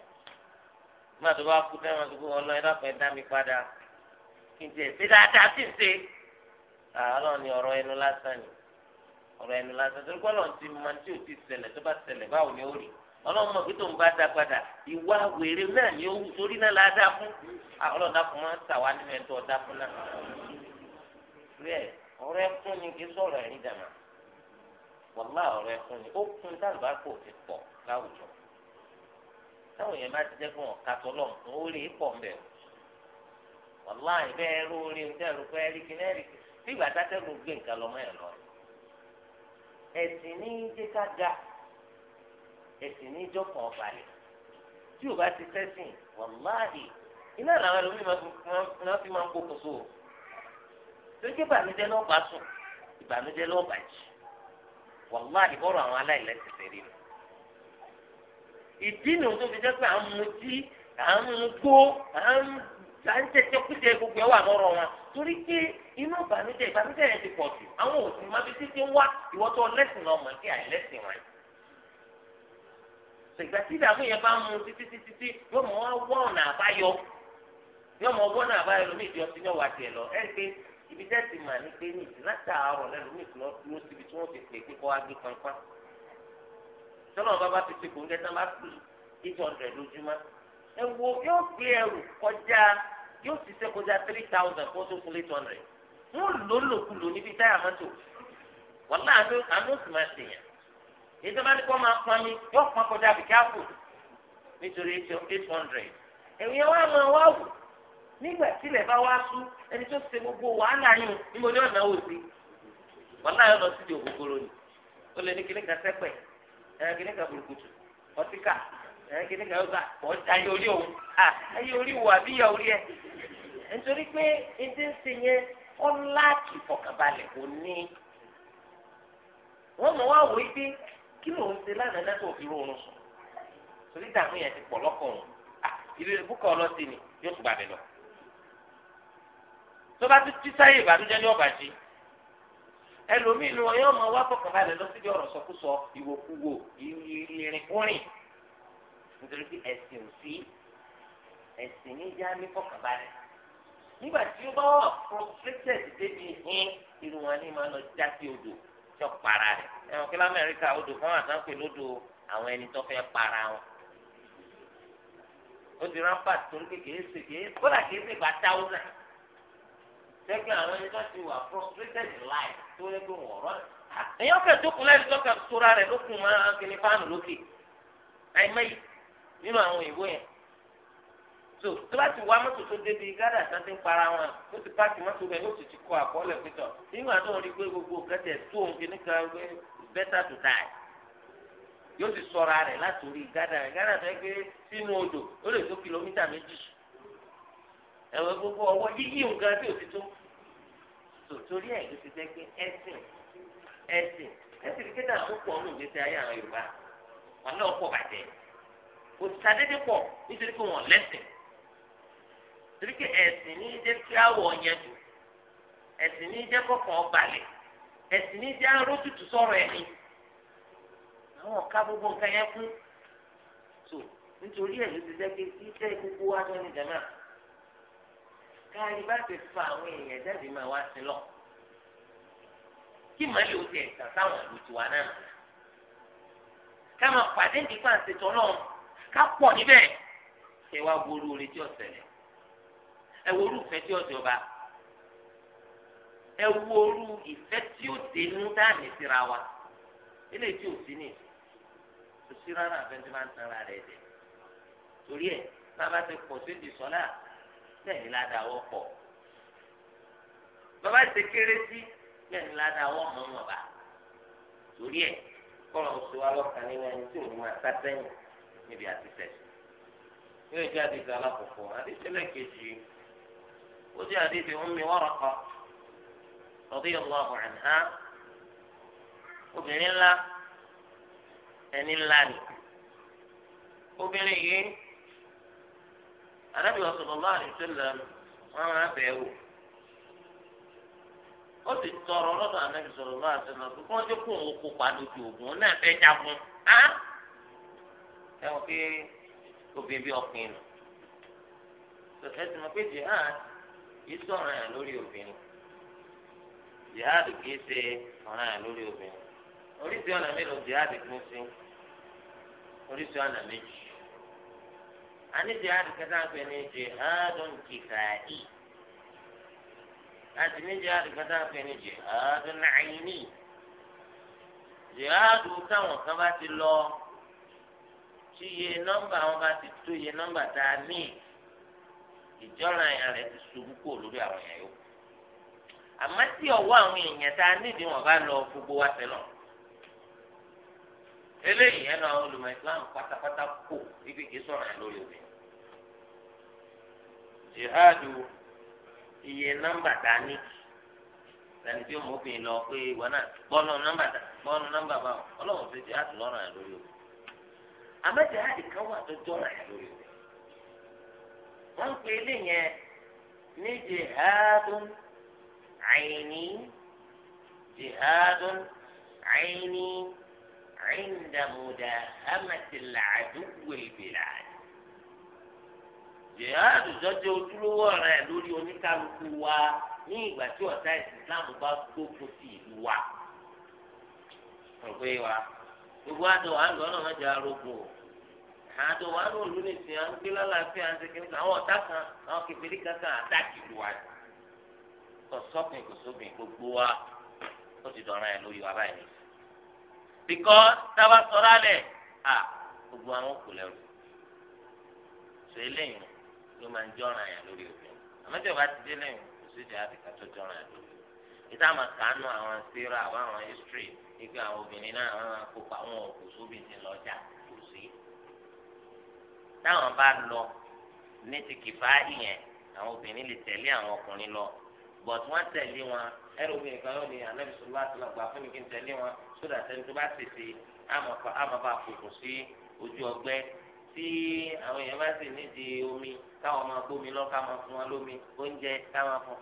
má tó bá kú dáhùn àdúgbò ọlọ́run ẹ náà fẹ́ dá mi padà kí n jẹ́ ṣe dáadáa sí ṣe àárọ̀ ah, ni ọ̀rọ̀ ẹnu lásán ni ọ̀rọ̀ ẹni lásán torí kọ́ lọ́n ti mọ tí ò ti ṣẹlẹ̀ tó bá ṣẹlẹ̀ báwo ni ó rí ọlọ́run mọ̀ pé tó ń bá da padà ìwà wèrè náà ni ó wù torí náà la dá fún ọlọ́run dá fún máa ń tà wá nínú ẹ̀tọ́ ọ̀dá fún náà rẹ̀ ọ̀rẹ́ fún ni kì í sọ̀rọ̀ ẹ̀rín dàmà wàlá ọ̀rẹ́ fún ni ó kún dàgbà kò ti pọ̀ láwùjọ táwọn èèyàn bá ti jẹ́ fún ọ̀ka tọ́lọ̀ nǹkan ó rí pọ̀ mbẹ̀ wàlá ìbẹ́ẹ̀ rú orí ń tẹ́rù pẹ́ẹ́rì kí náà rí bí ìgbà tá ẹ̀sìn ní jẹ́ ká ga ẹ̀sìn ní jọ́kàn ọ̀balẹ̀ tí o bá ti sẹ́sìn wàláhì iná làwọn ẹlòmíì máa fi máa ń gbókun so o torí pé ìbànújẹ́ náà bá sùn ìbànújẹ́ náà bá jì wàláhì bọ́rọ̀ àwọn aláìlẹ́sìn fèrè nù ìdí nìyóò tó fi jẹ́ pé à ń mutí à ń gbó à ń ta ń tẹ̀sí ọkùnjẹ gbogbo ẹ̀ wà lọ́rọ̀ wọn torí pé inú ìbànújẹ́ ìbànújẹ́ yẹn ti pọ̀ jù àwọn òsì máa fi títí wá ìwọ́tọ̀ lẹ́sìn náà mọ̀ àìlẹ́sìn wọn. ṣègbà tí ìdààmú yẹn bá mú títí títí tí yóò mọ ọ̀nà àbáyọ yóò mọ àbáyọ lómi ìdí ọtí tiẹ̀ lọ ibi tẹ́ ti mà ní pé ní lẹ́lómi ewu yóò fi ẹrù kọjá yóò si ṣe kọjá three thousand kó tó eight hundred wọn lò níbi táyà mọ́tò wọn náà àánú àánú sì máa ṣèyàn ètò bá ní kó máa pọn mi yóò pọn kọjá bìkẹ́ àpò nítorí eight hundred ẹ̀yìn wa máa wá wò nígbà tílẹ̀ bá wá sú ẹni tó ṣe gbogbo wàhálà yìí níbo ni ọ̀nà wò sí wọn náà lọ sí ìdí ni ó lè ní kíní kan ẹ kí ni kàwé gbà ọ̀ ta yóò rí òun à ayé orí wò àbí yà orí ẹ nítorí pé ẹdí ń sè yẹn kọ́ láàkì fọkànbalẹ̀ kò ní wọ́n mọ̀ wá wò ó pé kí ló ń ṣe lánàá náà tó fi rọrùn sùn torí dààmú yẹn ti pọ̀ lọ́kàn òun ìlú ìbúkọ̀ ọlọ́sìn ni yóò tún bàbẹ̀ lọ tó bá tún tí sáyé ìbànújẹ́ ní ọ̀bà jí ẹlòmíín ni wọn yóò mọ wá fọkànbalẹ̀ lọ síbi ọ̀rọ̀ sọkúsọ ìwòkuwò ìrìnkúrìn nítorí pé ẹ̀sìn ò sí ẹ̀sìn ní já ní fọkànbalẹ̀ nígbà tí ó bá wà frustrated débi hín irun wọn ní máa lọ já sí odò tí ó para rẹ̀ ẹ̀wọ̀n kí lamẹ́ríkà odò kan wà sáńpẹ̀ lódò àwọn ẹni tó fẹ́ para wọn ó di rampart torí pé kìí ṣe kìí kódà kìí ṣe gba táwùnà sẹ́gbẹ́ àwọn ẹni tó ti wà frustrated life tó yẹ kó wọ̀ rọ́ọ̀dì. èèyàn kẹ́ tó kú lẹ́yìn tó kẹ́ tóra rẹ̀ ló kún mọ́ akínní fáànù lókè àìmọye nínú àwọn ìwé yẹn so tó bá ti wá mọ́tò tó débi gádà tán ti ń para wọn ó ti pààkì mọ́tò rẹ̀ ó sì ti kọ àkọọ́lẹ̀ pẹ̀tọ̀ nígbà tó ń rí pé gbogbo kẹtẹ̀ tó òun kìíní kan pé better to die yóò sì sọra rẹ̀ láti orí gádà rẹ̀ gádà tó ń gbé sínú odò ó lè tó kìlómítà méjì ẹ̀wọ̀n gbogbo ọwọ́ yíyí nǹkan tí ò ti tó torí ẹ̀ ló ti jẹ́ pé ẹ̀sìn ẹ̀sìn ẹ̀sìn kí kò sàdédé pọ̀ nítorí pé wọ́n lẹ́sìn torí pé ẹ̀sìn ní jẹ́ kí àwọ̀ yẹn jù ẹ̀sìn ní jẹ́ kọ̀ọ̀kan balẹ̀ ẹ̀sìn ní jẹ́ arótùtù sọ̀rọ̀ ẹ̀mí àwọn ọ̀ka gbogbo nǹkan yẹn kú tó nítorí ẹ̀ ló ti jẹ́ pé iṣẹ́ gbogbo wa tó ní jẹ̀mọ́ káyọ̀ bá ti fa àwọn èèyàn jáde máa wá sí lọ kí màálù ó ti ẹ̀sán sáwọn ìlú tiwa náà ká máa pàdé nípa àṣetọ́ náà ká pọ̀ níbẹ̀ ẹ wá wo orú orin tí ọ̀sẹ̀ lẹ̀ ẹ wo orú ìfẹ́ tí ọ̀sẹ̀ ọba ẹ wo orú ìfẹ́ tí ó dénú dáàmì síra wa eléyìí tí ò sí ní kò sí rárá àfẹnjú máa ń tan ara rẹ̀ dẹ̀ torí ẹ̀ bàbá ti pọ̀ sí ìdí sọ́lá bẹ́ẹ̀ ni ládàá wọ́ pọ̀ bàbá ti kéré sí bẹ́ẹ̀ ni ládàá wọ́ mọ́ wọn bá torí ẹ̀ kọ́ ọ̀sùn wa lọ́kàn nínú ẹni tí òun máa sá sẹ́yìn níbi àtisẹ̀ yóò jẹ́ àdìsẹ́ alákòókò àdìsẹ́ lẹ́ẹ̀kejì ó jẹ́ àdìsẹ́ Ummi Waraqa radiyallahu anha obìnrin ńlá ẹni ńlá ni obìnrin yìí Ànábì sallallahu alaihi wasallam wọn máa bẹ̀ẹ́ wò ó sì tọrọ lọ́dọ̀ Ànábì sallallahu alaihi wasallam kí wọ́n dé kó òun kópa lójú ògùn náà fẹ́ jagun ẹ̀wọ̀n pé obìnrin bí ọkùnrin nù ẹ̀sìn mọ̀ pé jihad yìí sọ̀rọ̀ yàn lórí obìnrin jihad kìí ṣe ọ̀rọ̀ yàn lórí obìnrin oríṣi ọ̀nà mélòó jihad pín sí oríṣi ọ̀nà méjì àní jihad kẹta ń pè ní jihadun kìfàáyì àti ní jihad kẹta jihad táwọn kan bá ti lọ. tí iye nọ́mbà wọn bá ti tó iye nọ́mbà tá a ní ìjọra yẹn rẹ ti ṣubú kúrò lórí àwọn èèyàn yòókù àmọ́ tí ọwọ́ àwọn èèyàn tá a nídìí wọn bá lọ gbogbo wa sẹ́lọ̀ eléyìí ẹnu àwọn olùmọ̀ islam pátápátá kò ibi kìí sọ̀rọ̀ yẹn lórí obìnrin jihadu iye nọ́mbà tá a ní sani tí o mọ̀ obìnrin lọ pé ìwọ náà bọ́ọ̀nù nọ́mbà báwọn ọlọ́run ti jihadu lọ́rọ̀ yẹn lórí obìnrin. àmọ́ jihadi kan wà tó jọ́ rẹ̀ lórí o wọ́n pe ilé yẹn ní jihadun àìní jihadun àìní àìndàmúdà hamatilàdúgbòlbìlà jihadu jọjọ ojúlówó ọ̀ràn lórí wa ní ìgbà tí ọ̀tá ìsìlámù bá ìlú wa. ọ̀gbẹ́ wa. gbogbo àti wàá lọ náà mẹjọ arógbó àti wàá lọ lù ní ìsìn àwọn gbé lálàáfíà àti kìnìkà àwọn ọ̀tá kan àwọn kẹfìrí kankan àdáàkì lù wá kò sọ́kùn kò sóbìn gbogbo wa ó ti dọ̀ràn ẹ̀ lóyún wa báyìí bíkọ́ tába sọ̀rọ̀ alẹ̀ à gbogbo àwọn kò lẹ́rù sọ eléyìí ló máa ń jọ̀ràn ẹ̀ lórí òfin àmọ́tẹ́ bá ti dé kò sí ìjà àbíkà tó jọ̀ràn ẹ̀ lórí ìtààmà kàánú àwọn síra àbáwọn history ipe àwọn obìnrin náà wọn máa kópa àwọn òkú sóbìnrin lọ́jà kò sí táwọn bá lọ ní ti kìfá ìyẹn àwọn obìnrin lè tẹ̀lé àwọn ọkùnrin lọ but wọ́n tẹ̀lé wọn ẹrù obìnrin kan lónìí anabi sọlá tó lọ gbà fún mi kí n tẹ̀lé wọn sódà tẹni tó bá tètè àmọ́ bá sí ojú ọgbẹ́ tí àwọn èèyàn bá sì nídìí omi káwọn máa gbómi lọ káwọn fún wọn lómi oúnjẹ káwọn fún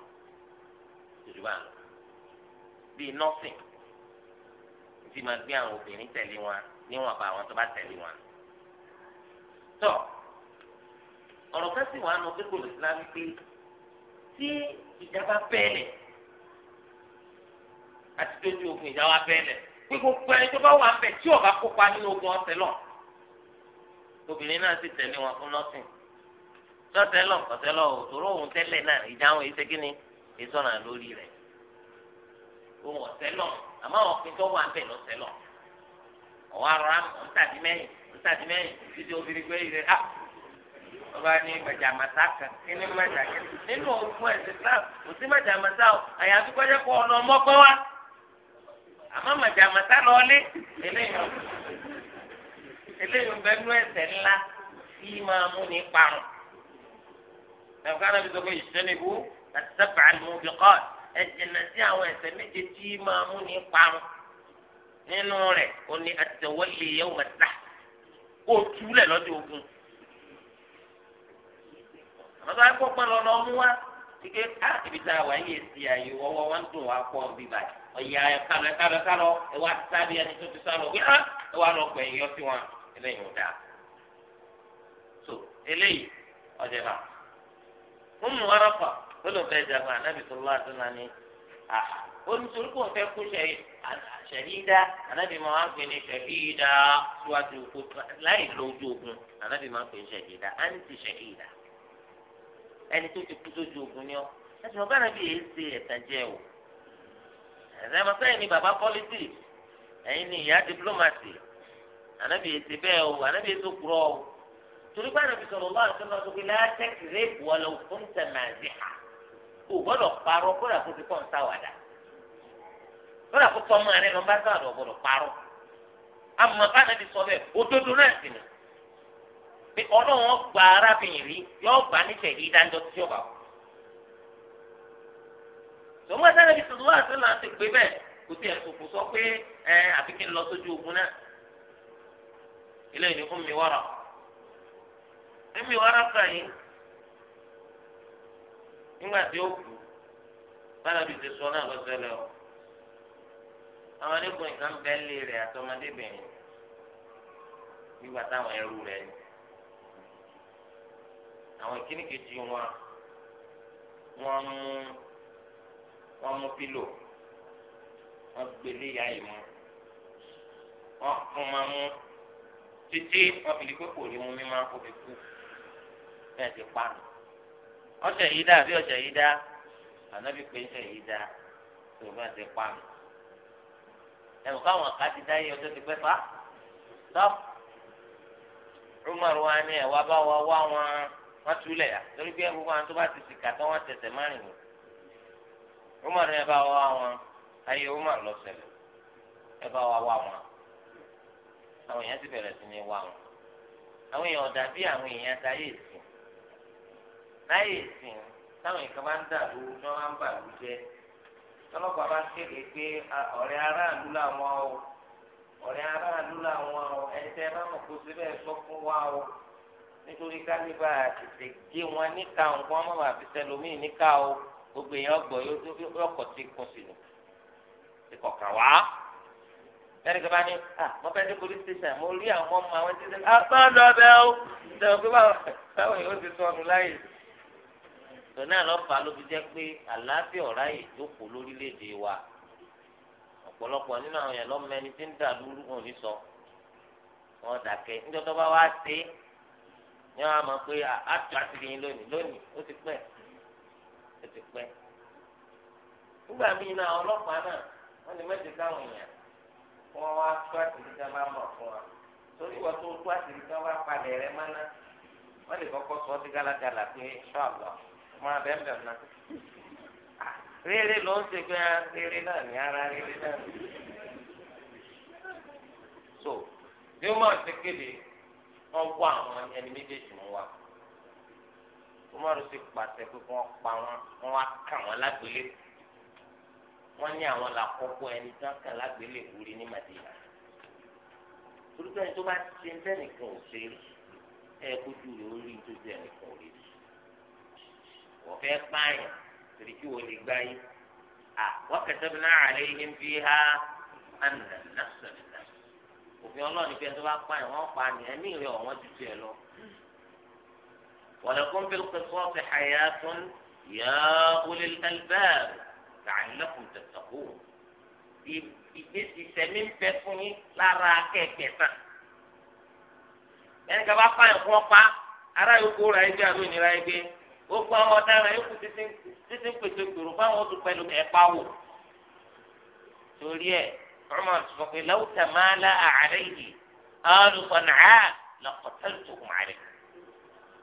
tòjú bá tí máa gbé àwọn obìnrin tẹ̀lé wọn níwọ̀n bá àwọn tó bá tẹ̀lé wọn. tọ́ ọ̀rọ̀ kan sì wà nù pípò ìsìlámù pé tí ìjàmbá bẹ́ẹ̀lẹ̀ àti tójú ogun ìjàmbá bẹ́ẹ̀lẹ̀ pé gbogbo ẹni tó bá wà ń bẹ̀ tí ọ̀gá kópa nínú ogun ọ̀sẹ̀ lọ. obìnrin náà sì tẹ̀lé wọn fún nọ́ọ̀sìn tọ́tẹ́lọ̀ kọ̀tẹ́lọ̀ òtòrò òun tẹ́lẹ̀ náà ìjà àwọn èyí ṣe kí ni èso náà lórí rẹ̀ ohun ọ̀sẹ̀ lọ àmọ́ àwọn òfin tó wà ń bẹ̀ lọ́sẹ̀ lọ. ọ̀wọ́ arọ ntàdí mẹ́yìn ntàdí mẹ́yìn títí obìnrin pé ìrẹ́ á ọba ní gbàjà màtá kan kí ni mẹ́ta kí nínú ogun ẹ̀sìn Islam kò sí mẹ́ta màtá o àyàfi kọ́jọ́ kọ́ ọ̀nà ọmọkọ́ wa àmọ́ mẹ́ta màtá lọ lé eléyìí ń bẹ nú ẹ̀ṣẹ̀ ńlá tí máa mú ní parun. ẹ̀ka náà fi sọ pé ìṣẹ́ni bú àti sábà àlùmọ́ bí kọ́ọ̀tù ẹ jìnnà sí àwọn ẹ̀ṣẹ̀ méje tí máa mú ní parun nínú rẹ̀ ó ní àtẹwọlé yẹwò mẹ́ta kó o túlẹ̀ lọ́dún ogun àwọn tó wá kó pẹ́ lọ́nà ọmú wa ike a ah, ibi tá a wà yìí èsì àyè ọwọ́ wọn dùn wá pọ̀ bí báyìí ọ̀yà kálọ̀ kálọ̀ kálọ̀ ẹ wá sábì ẹni tó ti sálọ wíwá ah, ẹ lọ pẹ̀ yọ sí wọn eléyìí ò so eléyìí ọ̀jẹ̀ náà ó mú wàrà pa ó lóun fẹ́ jagun ànábì tó lọ́wọ́ àti náà ni ó ní torí kò fẹ́ kú ṣẹ̀hídá ànábì máa ń pè ní ṣẹ̀hídá síwájú kó láì lọ ojú ogun ànábì máa ń pè ní ṣẹ̀hídá á ní ti ṣẹ̀hídá ẹni tó ti kú sójú ogun ni ọ ẹsùn ọgbà náà bí èyí ṣe ẹ̀tàn jẹ o ẹ̀sẹ̀ ọmọ sẹ́yìn ni bàbá pọ́lítì ẹ̀yin ni ìyá dipulọ́màtì ànábì èsì bẹ́ẹ̀ o ànábì èsì òkúrọ̀ o torí pé ànábì sọ̀rọ̀ lọ́wọ́ àti kò gbọ́dọ̀ parọ́ kódà kó ti kọ́ ń sáwàdà kódà kó tọ́mọ rẹ lọ́n bá sáwàdà ọ̀gbọ́dọ̀ parọ́ àmọ́ báyìí ti sọ bẹ́ẹ̀ òdodo náà sì ni pé ọlọ́run gba arábìnrin rí yóò gbà níṣẹ́ yìí dájọ́ tí yóò bá wọ. tòun ẹ̀sán ẹ̀bí tuntun wà sílẹ̀ láti pé bẹ́ẹ̀ kò sí ẹ̀sùn kò sọ pé ẹ àfi kí n lọ sójú ogun náà. ilé ìní fún mi wọ́rọ̀ fún mi wọ́rọ̀ fún ẹ̀yìn nígbà tí ó kú báyọ̀ bí ti sọ náà lọ́sẹ̀lẹ̀ o àwọn adékùnrin kan bẹ́ lé rẹ̀ àtọmọdébìnrin nígbà táwọn ẹrú rẹ̀ ni àwọn ìkíní kejì wọn wọn mú wọn mú pílò wọn gbélé ya yìí mú wọn kún máa mú títí wọn fi lè pé kò rí mú mímá kó fi kú bẹ́ẹ̀ ti pa nù. ọ̀sẹ̀ yìí dá àbí ọ̀sẹ̀ yìí dá ànábì pé ń yìí dá tó bá ti pa mi. ẹ̀rù káwọn ká ti dáyé ọjọ́ ti pẹ́ fa wa ni bá wa wá wọn yá torí pé bá ti sìkà tán má rìn yẹn bá wa wá wọn ayé lọ ẹ bá wa wá wọn àwọn ti sí ni wá wọn àwọn èèyàn ọ̀dà bí àwọn èèyàn ta yé láyé ìsìn táwọn nǹkan bá ń dà lóru tí wọ́n máa ń bà lù jẹ́ tọ́lọ́pàá bá kéde pé ọ̀rẹ́ aráàlú làwọn o ọ̀rẹ́ aráàlú làwọn o ẹni tẹ́ kó síbẹ̀ sọ fún wa o nítorí kálíbà tètè gé wọn níka nǹkan ọmọ bàbá fi sẹlómìn níka o gbogbo èèyàn gbọ́ yóò tí kún sí ni ìkọ̀kà wá ẹni kan bá ní ah mo fẹ́ dé police station mo rí àwọn ọmọ àwọn ẹni tẹ́lẹ̀ ah má lọ bẹ́ẹ̀ o tẹ̀wọ́n pé báwo báwo yóò ti sọnù láyè sí tó náà lọ́fà ló fi jẹ́ pé àlàáfíà ọ̀rá yìí jókòó lórílẹ̀‐èdè wa ọ̀pọ̀lọpọ̀ nínú àwọn yẹn lọ́mọ ẹni tí ń dà lóru wọn ní sọ wọn dàkẹ́ níjọ́ tó bá wá sí ni wọn á mọ̀ pé àtú àtìlẹyìn lónìí lónìí ó ti pẹ́ ó ti pẹ́ nígbà míì náà ọlọ́pàá náà wọ́n lè mẹ́tẹ̀ẹ́ káwọn èèyàn kí wọ́n wá tó àtìlẹyìn tí wọ́n bá mọ̀ fún wa torí wọ́n tó tó àtìlẹyìn tí wọ́n bá palẹ̀ rẹ mọ́ná wọ́n lè kọ́kọ́ sọ ọ́ sí gálágalà pé ṣọ́ọ̀lọ́ máa bẹ́ẹ̀ bẹ́ẹ̀ náà ah, rere ló ń ṣe pé rere náà ní ara rere náà so bí wọn ti kéde wọn wá àwọn ẹni méjèèjì mú wa umaru sì pàṣẹ pé wọn pa wọn wọn wá kà wọn lágbélé wọn ní àwọn làkọ́kọ́ ẹni tí wọn kà lágbélé wúri ní madina torí pé ẹni tó bá ti ń tẹnìkan ò ṣe ẹ kójú rẹ ó rí nítorí ẹnìkan ò rí wọ́n fẹ́ pààyàn torí kí wọ́n lè gbá yín. àwọn kẹsàn-án náà àlẹ́ yìí ń fi ha ànà nàṣọ̀nà. òfin ọlọ́ọ̀ni fẹ́ tó bá pààyàn wọ́n pa àníyàn ní ìrẹ̀ ọ̀wọ́n ti tiẹ̀ lọ. walakum bil qisasi hayatun ya ulil albab la'allakum tattaqun. ìgbésí sẹ́mi ń fẹ́ fún yín lára kẹ̀kẹ́ tán. ẹnì bá pààyàn fún ọ pa ará yòókù rà ẹgbẹ́ àlóyìn rà ẹgbẹ́ gbogbo àwọn ọ̀daràn yòókù títí ń pèsè gbèrò fáwọn oṣù pẹ̀lú ẹ̀pá wò torí ẹ̀ Umar sọ pé lọ́wọ́tà máa la àárẹ̀ yìí àárẹ̀ sọ̀nàá lọ́kọ̀tẹ́lù tó kùn àárẹ̀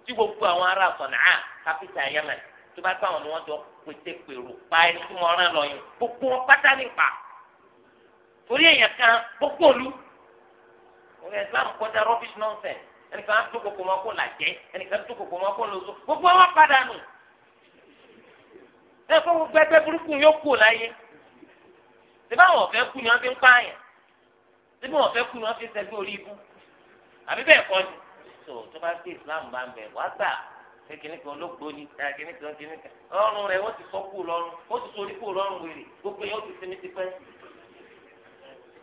tí gbogbo àwọn ará sọ̀nàá kápítà Yemen tó bá táwọn ni wọ́n jọ pèsè gbèrò pa ẹni tí wọ́n rán lọ yẹn gbogbo wọn pátá nípa torí èèyàn kan gbogbo olú òun ẹ̀ ẹnìkan á tó koko mọ́ kó là jẹ́ ẹnìkan tó koko mọ́ kó lóso gbogbo wọn padà nù ẹ kó gbogbo ẹgbẹ́ burúkú yóò kú láyé síbá wọn fẹ́ kú ni wọ́n fi ń pààyàn síbá wọn fẹ́ kú ni wọ́n fi ń sẹ́gbẹ́ orí ikú àbí bẹ́ẹ̀ kọ́ ni tó tó bá sí Islam bá ń bẹ̀ wá gbà ṣé kìnnì kan olóògbé ni ṣé kìnnì kan kìnnì kan ọrùn rẹ̀ wọ́n ti sọ kú lọ́rùn wọ́n ti sori kú lọ́rùn wèrè gbogbo yẹn ó ti sinmi ti pẹ́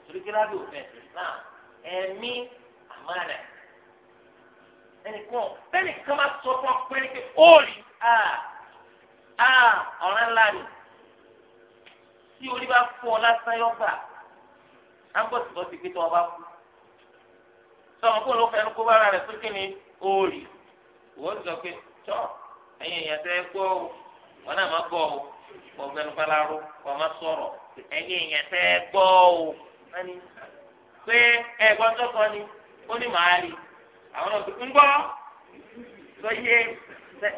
torí kí lábẹ́ òfin Islam ẹ̀mí àmàlẹ̀ ẹnìkan bẹ́ẹ̀ni kan máa sọ fún ọ pé ní pé ó rí ọ̀ràn ńlá ni tí orí bá fún ọ lásán yọ gbà á ń bọ̀ sí bọ́sì pé tí wọ́n bá kú sọmọ kó ló fẹnu kó bára rẹ̀ pé kí ni ó rí wọ́n sọ pé tọ́ ẹ̀yin èèyàn tẹ́ ẹ gbọ́ o wọn náà má gbọ́ o wọ́n fẹnu faláró wọ́n má sọ̀rọ̀ ẹ̀yin èèyàn tẹ́ ẹ gbọ́ o wọ́n pé ẹ tó kọ́ ni ó ní màá rí i àwọn ọ̀dùnkún gbọ́ lọ́yẹ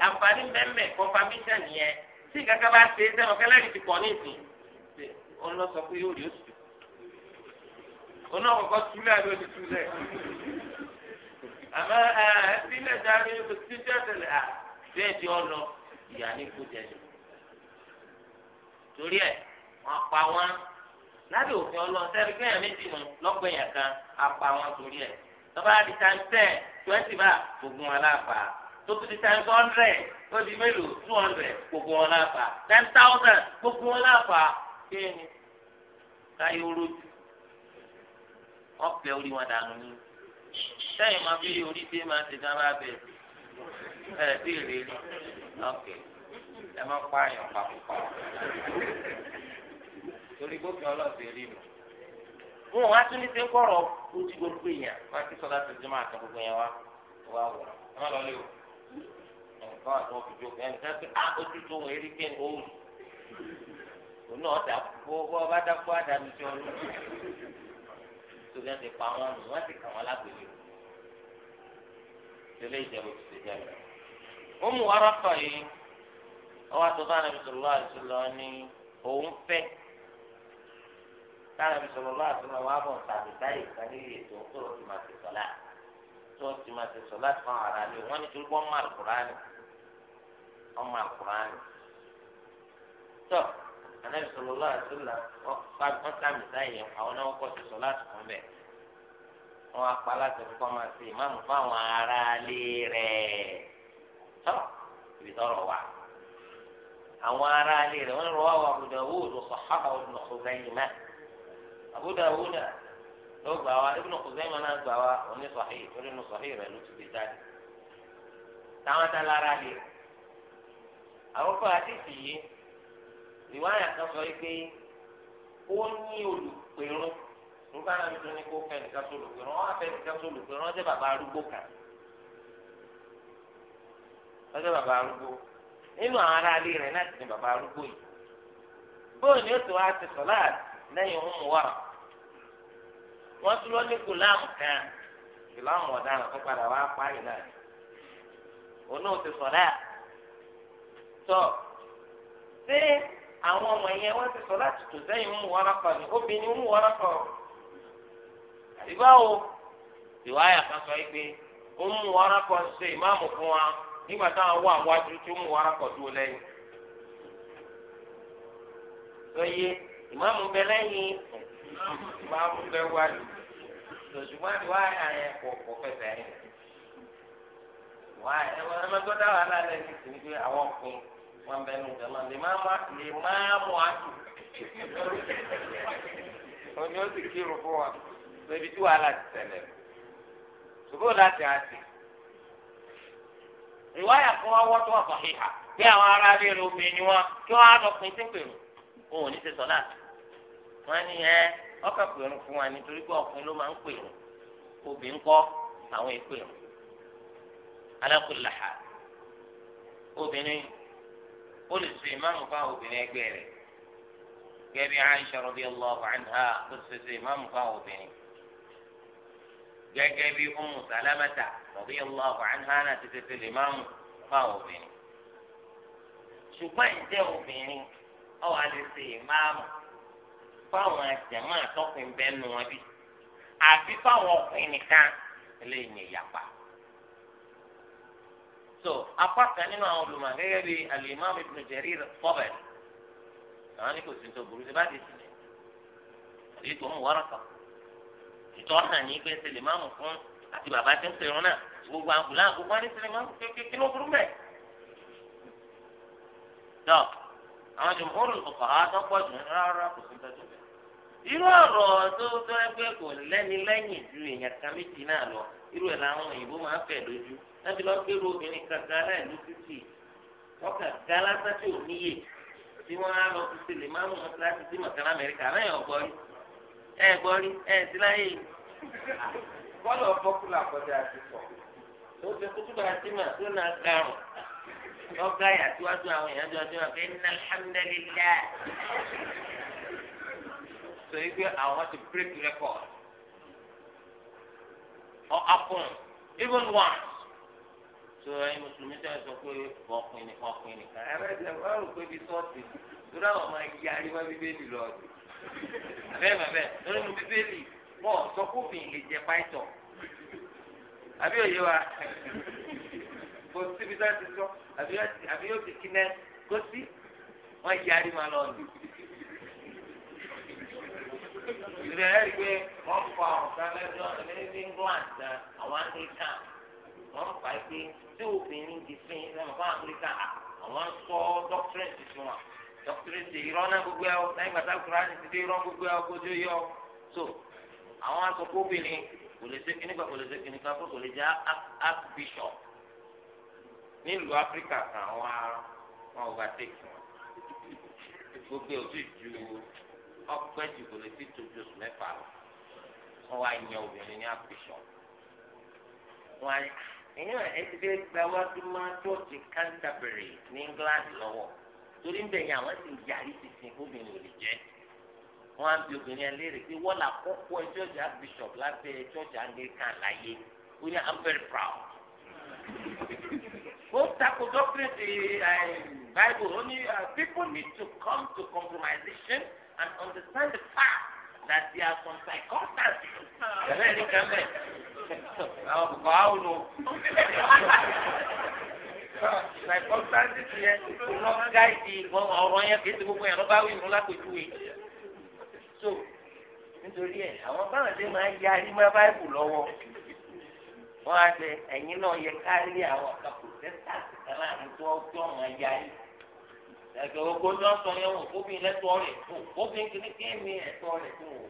àǹfààní mẹ́mẹ́ kọ́ pàmíṣà nìyẹn tí kankan bá ṣe é sẹ́wọ̀n kẹ́lẹ́rì ti pọ̀ nísìn òun lọ sọ pé yóò rí oṣù òun náà kọ́kọ́ túlẹ̀ àbí oṣù túlẹ̀ àmọ́ ẹ̀ẹ́dínlẹ̀ dáadé oṣù tí tí ọ̀sẹ̀lẹ̀ à bẹ́ẹ̀ tí ọ lọ ìyá ní kú jẹjẹ torí ẹ̀ wọ́n pa wọ́n lábẹ́ òfin ọlọ́run sẹ́rí kẹ́yàn méjì mú lọ́gbẹ̀yàn kan apá wọn torí ẹ̀ tọ́ba di times ten twenty bá gbogbo wọn láfa tó di times hundred ó di mélòó two hundred gbogbo wọn láfa ten thousand gbogbo wọn láfa kéènì káyọ̀ rojú ọ̀pẹ orí wọn dànù ní sẹ́yìn máa fi orí dé máa ṣe dáná bẹ̀ ẹ̀ sí ìrírí ọ̀kẹ́ ẹ máa ń pààyàn torí gbókè ọlọ́ọ̀bẹ rí mi wọn wá tún ní sẹ kọrọ ojú gbogbo èèyàn wọn ti sọ láti jẹmọ àti gbogbo yẹn wá wá wọ ẹ má lọ lé o ẹnìkan àti wọn fi jó ẹnì kan pé a ah, ojú tó wọn eré pé ó wù òun náà dà kó ọba dà kó àdàlù jọ ọ lójú torí wọn ti pa wọn nù wọn ti kà wọn lágbèlè o tẹ́lẹ̀ ìjẹun ti ṣe jẹ lọ. ó mú wàrà kọ yìí ọwọ́ àtúntò àná bisọ̀rọ̀ àti sọ̀rọ̀ ni òun fẹ́ táwọn ẹbí sọlọ lọ àti wọn wá bọ̀ tàbí táyì kan nílé ètò òkúrò tí máa ti sọlá tó ti máa ti sọlá fún ara rẹ wọn ni torí wọn máa kúránì wọn máa kúránì tó anabi sọlọ lọ àti sọlá wọn sàmì táyì yẹn àwọn náà wọn kọ ti sọlá fún bẹ́ẹ̀ wọn apá láti fún ọmọ sí ìmáàmù fún àwọn ará ilé rẹ tó ibi tọrọ wà àwọn ará ilé rẹ wọn rọ wà wà Abu Dawud sahaba Ibn Khuzaimah. Abu Dawud ló gbà wá Ibn Khuzaimah náà gbà wá oní sahih torí inú sahih rẹ̀ ló ti fi jáde táwọn ta lára lè àwọn àdìsí yìí ìwáyà kan sọ pé ó ní olùpẹ̀rún nígbà náà tó ní kó fẹ́ nìkan tó olùpẹ̀rún wọ́n á fẹ́ nìkan tó olùpẹ̀rún ọjọ́ bàbá arúgbó kan ọjọ́ bàbá arúgbó nínú àwọn rẹ̀ náà ti ní bàbá arúgbó yìí bóyá ni ó ti wá ti lẹ́yìn ọ̀hún mu wàrà wọ́n tún lọ ní gùlámù kan gùlámù ọ̀daràn tó padà wá náà òun náà ti ṣé àwọn ọmọ yẹn wọ́n ti sọ láti tò sẹ́yìn ọ̀hún mu wàrà obìnrin ọ̀hún mu wàrà ìwáyà kan sọ yìí pé ọ̀hún mu wàrà ṣe ìmáàmù fún wa nígbà táwọn tí ọ̀hún mu wàrà dúró ìmáàmù bẹ lẹ́yìn ìmáàmù bẹ wájú lòṣùgbọ́n àti wáyà àyẹ kò kò fẹsẹ̀ rìn wáyà ẹ̀mẹ́tọ́ dá wàhálà lẹ́yìn tó ń gbé àwọn ọkùnrin wọn bẹ nù jọmọ lè má mú lè má mú àtù oní ó sì kírun fún wa lóbi tí wàhálà ti ṣẹlẹ̀ ṣùgbọ́n láti àti ìwáyà kan wá wọ́n tó wà fọ̀ híhà bí àwọn ará rẹ̀ lóbi ni wọn kí wọ́n á lọ pin sí pèrò òun ò ní ṣe sọ láti. wọn ni ẹ ọkà pèrún fún wa nítorí pé ọkùnrin ló máa ń pèrún obìnrin kọ àwọn ìpèrún alákùlàhà obìnrin ó lè so ìmáàmù fáwọn obìnrin ẹgbẹ́ rẹ̀ gẹbi Aisha radiyallahu anha ó ti so ìmáàmù fáwọn obìnrin gẹ́gẹ́ bí Ummu Salamata radiyallahu ha náà ti tètè lè fáwọn obìnrin ṣùgbọ́n ìjẹ́ obìnrin ọ̀ wá lè so ìmáàmù. fáwọn àjẹmọ́ àtọ́kùn bẹ́ẹ̀ nù wọn bí àbí fáwọn ọkùnrin nìkan eléyìí ìyapa. so apá kan nínú àwọn olùmọ̀ gẹ́gẹ́ bíi alimami ibn Jarir Tabari àwọn ní kò sí tó burú sí bá ti sílẹ̀ èyí tó ń wọ́rọ̀ kan ìtọ́ hàn ní pé ṣe lè má mú fún àti bàbá tí ń pèrún náà gbogbo àbúlá àgbogbo àti sinimá kékeré ló burú mẹ́. dọ́ọ̀ àwọn jùmọ̀ ó lò kọ̀ ọ́ tó pọ̀ jù rárá kò sí tó tó bẹ̀. irú ọ̀rọ̀ tó tó ẹgbẹ́ kò lẹ́ni lẹ́yìn ju èèyàn kan méjì náà lọ irú ẹ̀ làwọn òyìnbó máa ń fẹ̀ lójú láti lọ kéwòn obìnrin kankan aláìlú títì wọ́n ga lásán tí tí wọ́n á lọ fi sílẹ̀ máa ń mú láti sí mọ̀kànlá amẹ́ríkà náà ẹ̀ gbọ́ rí ẹ̀ gbọ́ rí láyé bọ́ọ̀lù ọ̀fọ́kùnrin àkọjá ti pọ̀ ó túbọ̀ àti mà tó náà garùn sọ yìí pé àwọn ti break record or happen even once so ẹyin mùsùlùmí sọ sọ pé ọkùnrin nìkan ọkùnrin nìkan ẹ bẹ́ẹ̀ sẹ́ wọ́n rò pé bí sọ́ọ̀tì lórí àwọn ọmọ ẹgbẹ́ aríwá bíbélì lọ sí bẹ́ẹ̀ bẹ́ẹ̀ lórí mu bíbélì wọ́n sọ kó fi lè jẹ pàìtọ̀ àbí òye wa kò síbi sáà ti sọ àbí yóò ti kí náà kó sí wọ́n yí aríwá lọ sí ìrẹ̀ ẹ́ rí pé wọ́n fa ọ̀sán lẹ́jọ́ ní England náà àwọn Áfíríkà wọ́n fà á pé tí obìnrin di fín lẹ́nu fún Áfíríkà àwọn sọ dọ́kítírẹ̀tì fún wa dọ́kítírẹ̀tì irọ́ náà gbogbo ẹ̀ lẹ́yìn gbàtà kúránì ti dé irọ́ gbogbo ẹ̀ kójú yọ so àwọn aṣọ kóbìnrin kò lè ṣe kíní kan kò lè ṣe kíní kan kó kò lè jẹ́ archbishop nílùú Áfíríkà kan àwọn àwọn ọba tẹ̀kì wọn gbogbo ẹ̀ ò ọpẹ́ jù kò lè ti tóbi oṣù mẹ́fà lọ wọ́n wá yan obìnrin ní àpèṣọ wọ́n á ẹ̀yìn ẹ̀ ti fẹ́ gba wájú máa tóòtù Canterbury ní England lọ́wọ́ torí ń bẹ̀yìn àwọn sì ń yàrí sísìn obìnrin ò lè jẹ́ wọ́n á bi obìnrin ẹ̀ pé wọ́n là kọ́kọ́ ẹ̀ church archbishop lábẹ́ church Anglican láyé ó ní I'm very proud ó takò doctorate eh, Bible ó ní people need to come to compromisation and understand the fact that there are some circumstances. Ẹ̀rẹ́ ní kẹ́mẹ̀. Àwọn bùkọ́ àwọn ò. Circumstances yẹn lọ gáìdì ọ̀rọ̀ yẹn kì í ṣe gbogbo yẹn lọ́ba wí ìmúlá pẹ̀lú yìí. So nítorí ẹ̀ àwọn báwọn ṣe máa ń yarí má báìbù lọ́wọ́ wọ́n á ṣe ẹ̀yin náà yẹ kárí àwọn kan tẹ́tà láàrin tó ọjọ́ máa yarí ẹgbẹ́ gbogbo ní ọ̀sán yẹn wò obìnrin lẹ́tọ́ rẹ̀ fò obìnrin kìíní kéèmí ẹ̀tọ́ rẹ̀ fò wò.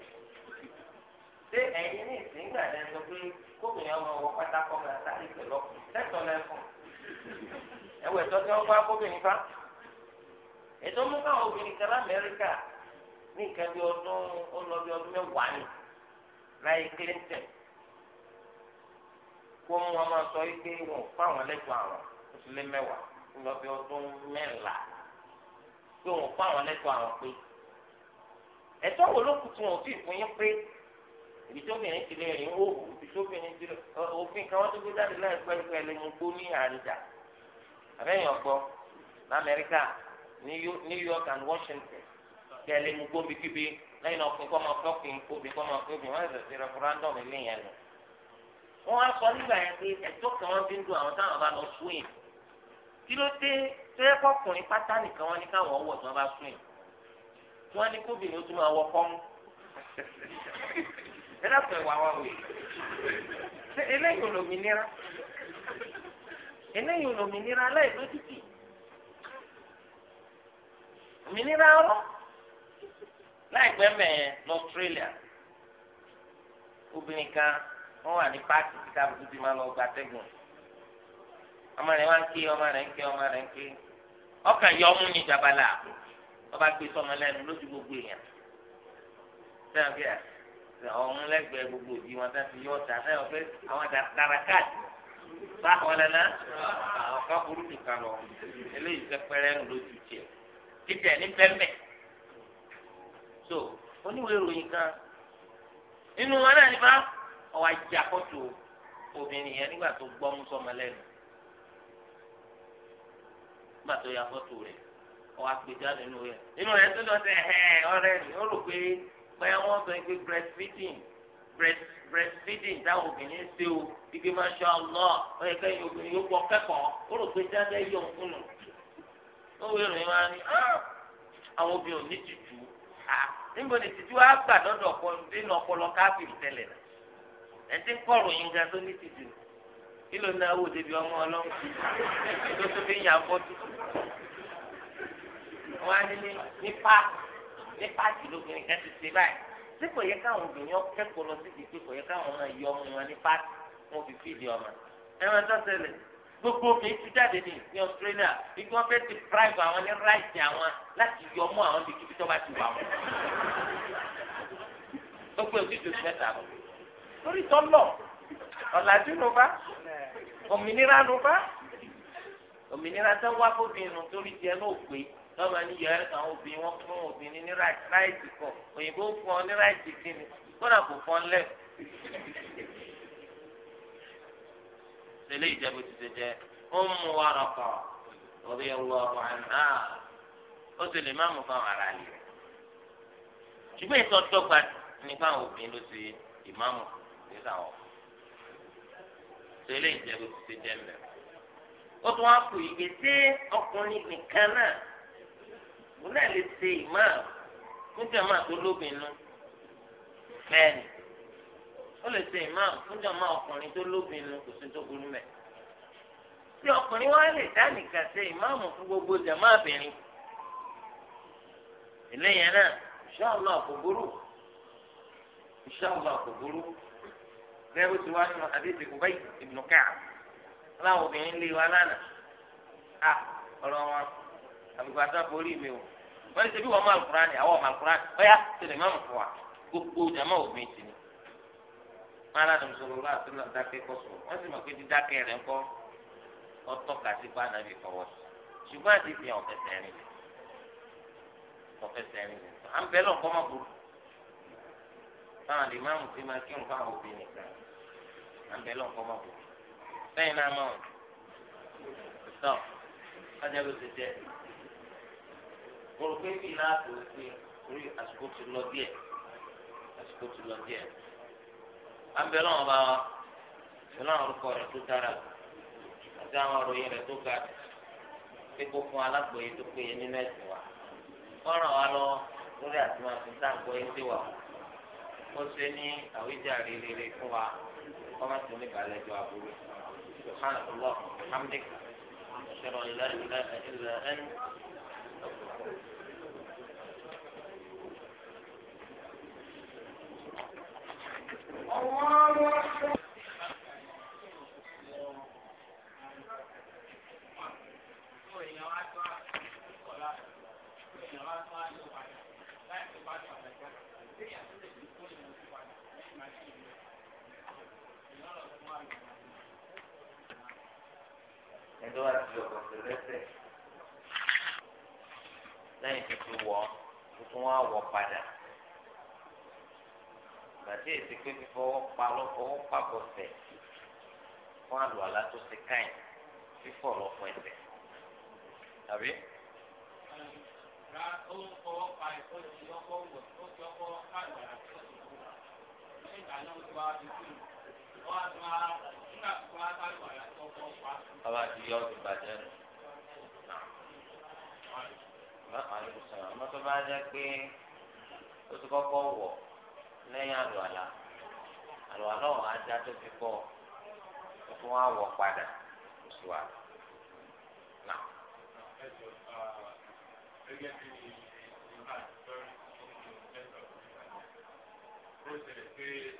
ṣé ẹ̀yin ní ìsìngbà rẹ̀ sọ pé kóbìnrin ọmọ wọ pátákó máa sáré pẹ̀lú lẹ́tọ̀ lẹ́fọ̀n. ẹ̀wẹ̀ tó tí wọ́n bá kóbìnrin fa. ètò mú káwọn obìnrin kan lamẹ́ríkà ní nǹkan bí ọdún ó ọdún mẹ́wàá ni láyé Clinton kó mú wọn máa sọ wípé wọn fáwọn lẹ́tọ̀ àwọn ó lé mẹ́wàá ó ọdún mẹ́rìnlá pé wọn kó àwọn lẹ́tọ̀ọ́ àwọn pé ẹ̀tọ́ wo ló kù tí wọn ò fi fún yín pé ibi tí obìnrin ti lè rìn òwò ibi tí obìnrin ti lè òfin kan wọn tó gbé jáde láìpẹ́ ìpẹ́ lè mú gbó ní àríjà àbẹ́yìn ọ̀gbọ́ lamẹ́ríkà New York and Washington kẹ́ lè mú gbó bíkíbi lẹ́yìn náà ọkùnrin kọ́ máa fọ́kùnrin obìnrin kọ́ máa fún obìnrin wọ́n ṣẹ̀ṣẹ̀ referendum ilé yẹn lọ. wọ́n á sọ nígbà yẹn pé ẹ̀tọ́ kan wọ́n fi ń dun àwọn táwọn bá lọ sún yìí kí ló dé tó yẹ kọkùnrin pátá nìkan wọn ní káwọn wọ tí wọn bá sùn yìí tí wọn ní kóbìnrin ó tún máa wọ kọ́mú ẹ dàpọ̀ ẹ̀wà wa wò ṣe eléyìí olómìnira eléyìí olómìnira aláìlójútì òmìnira ọ̀rọ̀ láìpẹ́ mẹ́ẹ̀ lọ́sítrélíà obìnrin kan wọ́n wà ní páàkì tí káàbùkù ti máa lọ gbatẹ́gùn ọmọ rẹ̀ wá ń ké ọmọ rẹ̀ ń ké ọmọ rẹ̀ ń ké ọkàn yọ ọmú ní jabala ọba gbé sọmọ lẹ́nu lójú gbogbo èèyàn sẹ́yìn bí ọmú lẹ́gbẹ̀ẹ́ gbogbo òbí wọn sáfi yọ ọ̀tá sẹ́yìn pé àwọn dara káàdì báwọn lẹ́nà àwọn kan burú nìkan lọ eléyìí sẹ́pẹ́rẹ́ ń lójú tiẹ̀ títẹ̀ ní pẹ́mẹ́ so oníwèé ìròyìn kan nínú wọn náà nípa ọwọ́ ajé àkọ́tù obìnrin yẹn nígbà tó gbọ́ mú sọmọ lẹ́nu nígbà tó ya fọ́tò rẹ̀ ọ̀ àgbèjáde nínú rẹ̀ nínú rẹ̀ tó lọ sí ẹ̀hẹ́ ọ̀rẹ́ rẹ̀ ó rò pé bóyá wọ́n sọ pé breastfeeding breastfeeding táwọn obìnrin ń ṣe o ibi masha Allah ó yẹ kẹ́yìn obìnrin yóò gbọ́ kẹ́kọ̀ọ́ ó rò pé jáde yọ òun nù ó wé ìròyìn máa ní ah, àwọn obìnrin ò ní tìjú níbo ni tìjú á gbà lọ́dọ̀ ọ̀pọ̀ nínú ọpọlọ káàbì tẹ̀lẹ̀ ẹ̀ ti ń kọ́ ìròyìn gan tó ní tìjú ìlò náwó débi ọmọ ọlọ́run tó tó fi yàn fọ́tò wọn á ní nípa nípa tìlóbìnrin kan ti ṣe báyìí tí kò yẹ káwọn obìnrin kẹ́kọ̀ọ́ lọ síbi pé kò yẹ káwọn náà yọ ọmọ wọn ní pátì wọn fi fìdí ọmọ ẹran tó ṣẹlẹ̀ gbogbo obìnrin ti jáde ní ní Australia bí wọn fẹ́ẹ́ ti prive àwọn ní ráìtì àwọn láti yọ ọmọ àwọn bí kíbi tó bá ti wà wọn ó pé mẹ́ta lọ lórí tọ́lọ̀ ọ̀làjú ló bá òmìnira ló bá òmìnira tó wá fóbìnrin torí tiẹ̀ náà pé lọ́ba ní yọ àwọn obìnrin wọn fún obìnrin ní ráìtì kọ òyìnbó fún ọ ní ráìtì kìíní kódà kò fọ́n lẹ̀. eléyìí jẹ́ ti ṣe jẹ́ Ummu Waraqa radiyallahu anha ó sì lè má mú fáwọn ará yìí ṣùgbọ́n ìtọ́jú dọ́gba nípa àwọn obìnrin ló ṣe ìmáàmù nígbà wọn tẹlẹ ìjẹbù ti ti dẹmẹ ó tún wá kù ìgbé tí ọkùnrin nìkan náà òun náà lè ṣe ìmáà fún jàmáà tó lóbìnrin bẹ́ẹ̀ni ó lè ṣe ìmáà fún jàmáà ọkùnrin tó lóbìnrin kò sí tó burú mẹ tí ọkùnrin wá lè dá nìkan ṣe ìmáàmù fún gbogbo jàmáà bìnrin eléyẹn náà inshallah kò burú inshallah kò burú lẹ́yìn tí wàá nínú àdéhùn Ubay ibn Ka'b láwọn obìnrin lé wa lánàá à ọ̀rọ̀ wọn àbùkàtà borí mi o wọ́n ti ṣe bí wọ́n máa kúrán ni àwọn máa kúrán ọ̀yá tẹ̀lé máa mú fún wa gbogbo jàmá òfin ti ni. wọn aláàdùn sọ̀rọ̀ wọ́n àti náà dákẹ́ kọ́ sọ̀rọ̀ wọ́n sì mọ̀ pé dídákẹ́ rẹ̀ ń kọ́ ọtọ́ kàti bá nàbì fọwọ́ sí ṣùgbọ́n àti fi hàn ọ̀fẹ́sẹ̀ rìn lẹ̀ ọ̀fẹ́sẹ̀ rìn àbẹ̀ lọ́n kọ́ mọ́ bò lẹ́yìn náà mọ̀ tọ́ ọjà ló ti jẹ́ mo rò pé kí n náà tó sí orí àsìkò tó lọ díẹ̀ àsìkò tó lọ díẹ̀ àbẹ̀ lọ́n bá wa ìlànà orúkọ rẹ̀ tó dára àti àwọn òròyìn rẹ̀ tó ga pé kó fún alágbòye tó péye nínú ẹ̀sìn wa wọ́n ràn wá lórí àti máa fi sáà gbọ́ yín sí wa ó ṣe ní àwíjàre rere fún wa. وما تملك على جوابه سبحانك اللهم وبحمدك أشهد أن لا إله إلا أنت الله أكبر Thank you. ẹjọ́ wa ti lọ pẹ̀lú lẹ́sẹ̀ lẹ́yìn tó ti wọ̀ ó tún wá wọ̀ padà gbàtí èsì pé fífọwọ́ pa lọ́fọwọ́ pàbọ̀ sẹ̀ fún àlùwàlá tó ti káyìn fífọ̀ lọ́fọ̀ ẹsẹ̀ tàbí. Thank you ọba àti yọ ọtún bàjẹ́ nù. àmọ́ tó bá jẹ́ pé ó ti kọ́kọ́ wọ̀ lẹ́yìn àlùwàlà àlùwàlà ọ̀hún ajá tó fi kọ́ ó tún wá wọ̀ padà oṣù wa. Gracias.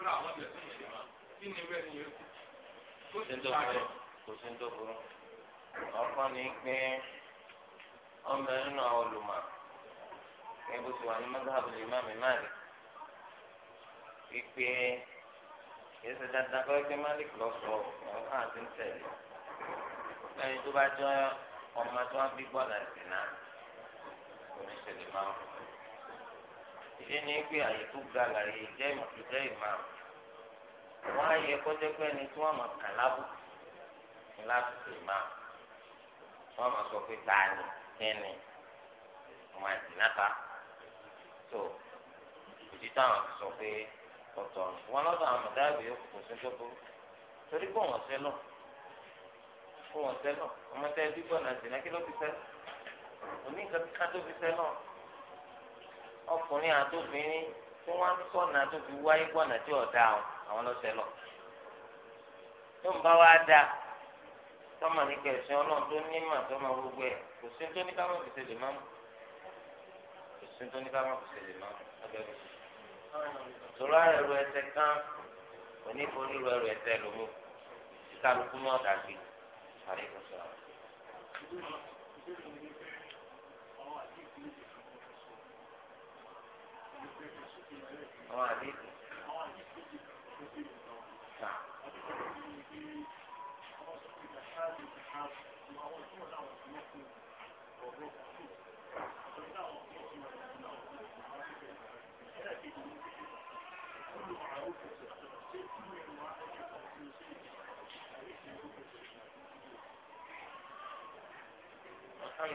kódà àwọn ọbẹ̀ fún ìyẹn máa kí ni wẹ́ẹ̀ ni yẹn kú. kò sí ń dókòrò kò sí ń dókòrò ọkọ ni pé ọmọ nínú àwọn olùmọ̀ ẹbí tí wà ní mọ́tàbí lè má mi má rí wípé kìí ṣe dandan kọ́ pé malik lọ ọ̀hún àti ń tẹ̀lé tó bá jọ ọmọ tó wá bí gbọ́dọ̀ sí náà kò ní ṣe lè má rí ẹni pé àyè tó ga làyè jẹ́ ìmọ̀tòjẹ́ ìmọ̀ wọn àyè kọjá pé ẹni tí wọ́n mọ̀ kàlábù ní láti ṣe ìmọ̀ wọ́n mọ̀ sọ pé ta ni kíni wọn àti náta tó ìdí táwọn sọ pé ọ̀tọ̀ wọn lọ́dọ̀ àwọn mọ̀dáàbí kò sí tó burú torí pé wọ́n ṣe lọ fún wọn ṣe lọ ọmọ tẹ́ ẹ bí gbọ́n náà ló fi ṣe òní nǹkan ká tó fi ṣe náà ọkùnrin àtòbìnrin tí wọ́n ń sọ̀nà tó fi wáyé gbọ́nà tí ọ̀dà àwọn lọ́sẹ̀ lọ. tó ń bá wa dá tọ́mọ ní kẹsàn ọlọ́run tó ní mà tọ́mọ gbogbo ẹ̀ kò sí tó ní ká má fi ṣẹlẹ̀ máa mú kò sí tó ní ká fi ṣẹlẹ̀ máa mú ọjọ́ bí. tòrọ ẹrù ẹsẹ̀ kan oníforí ru ẹrù ẹsẹ̀ lómi kálukú ní ọ̀dà gbé àríkùsọ̀. الحمد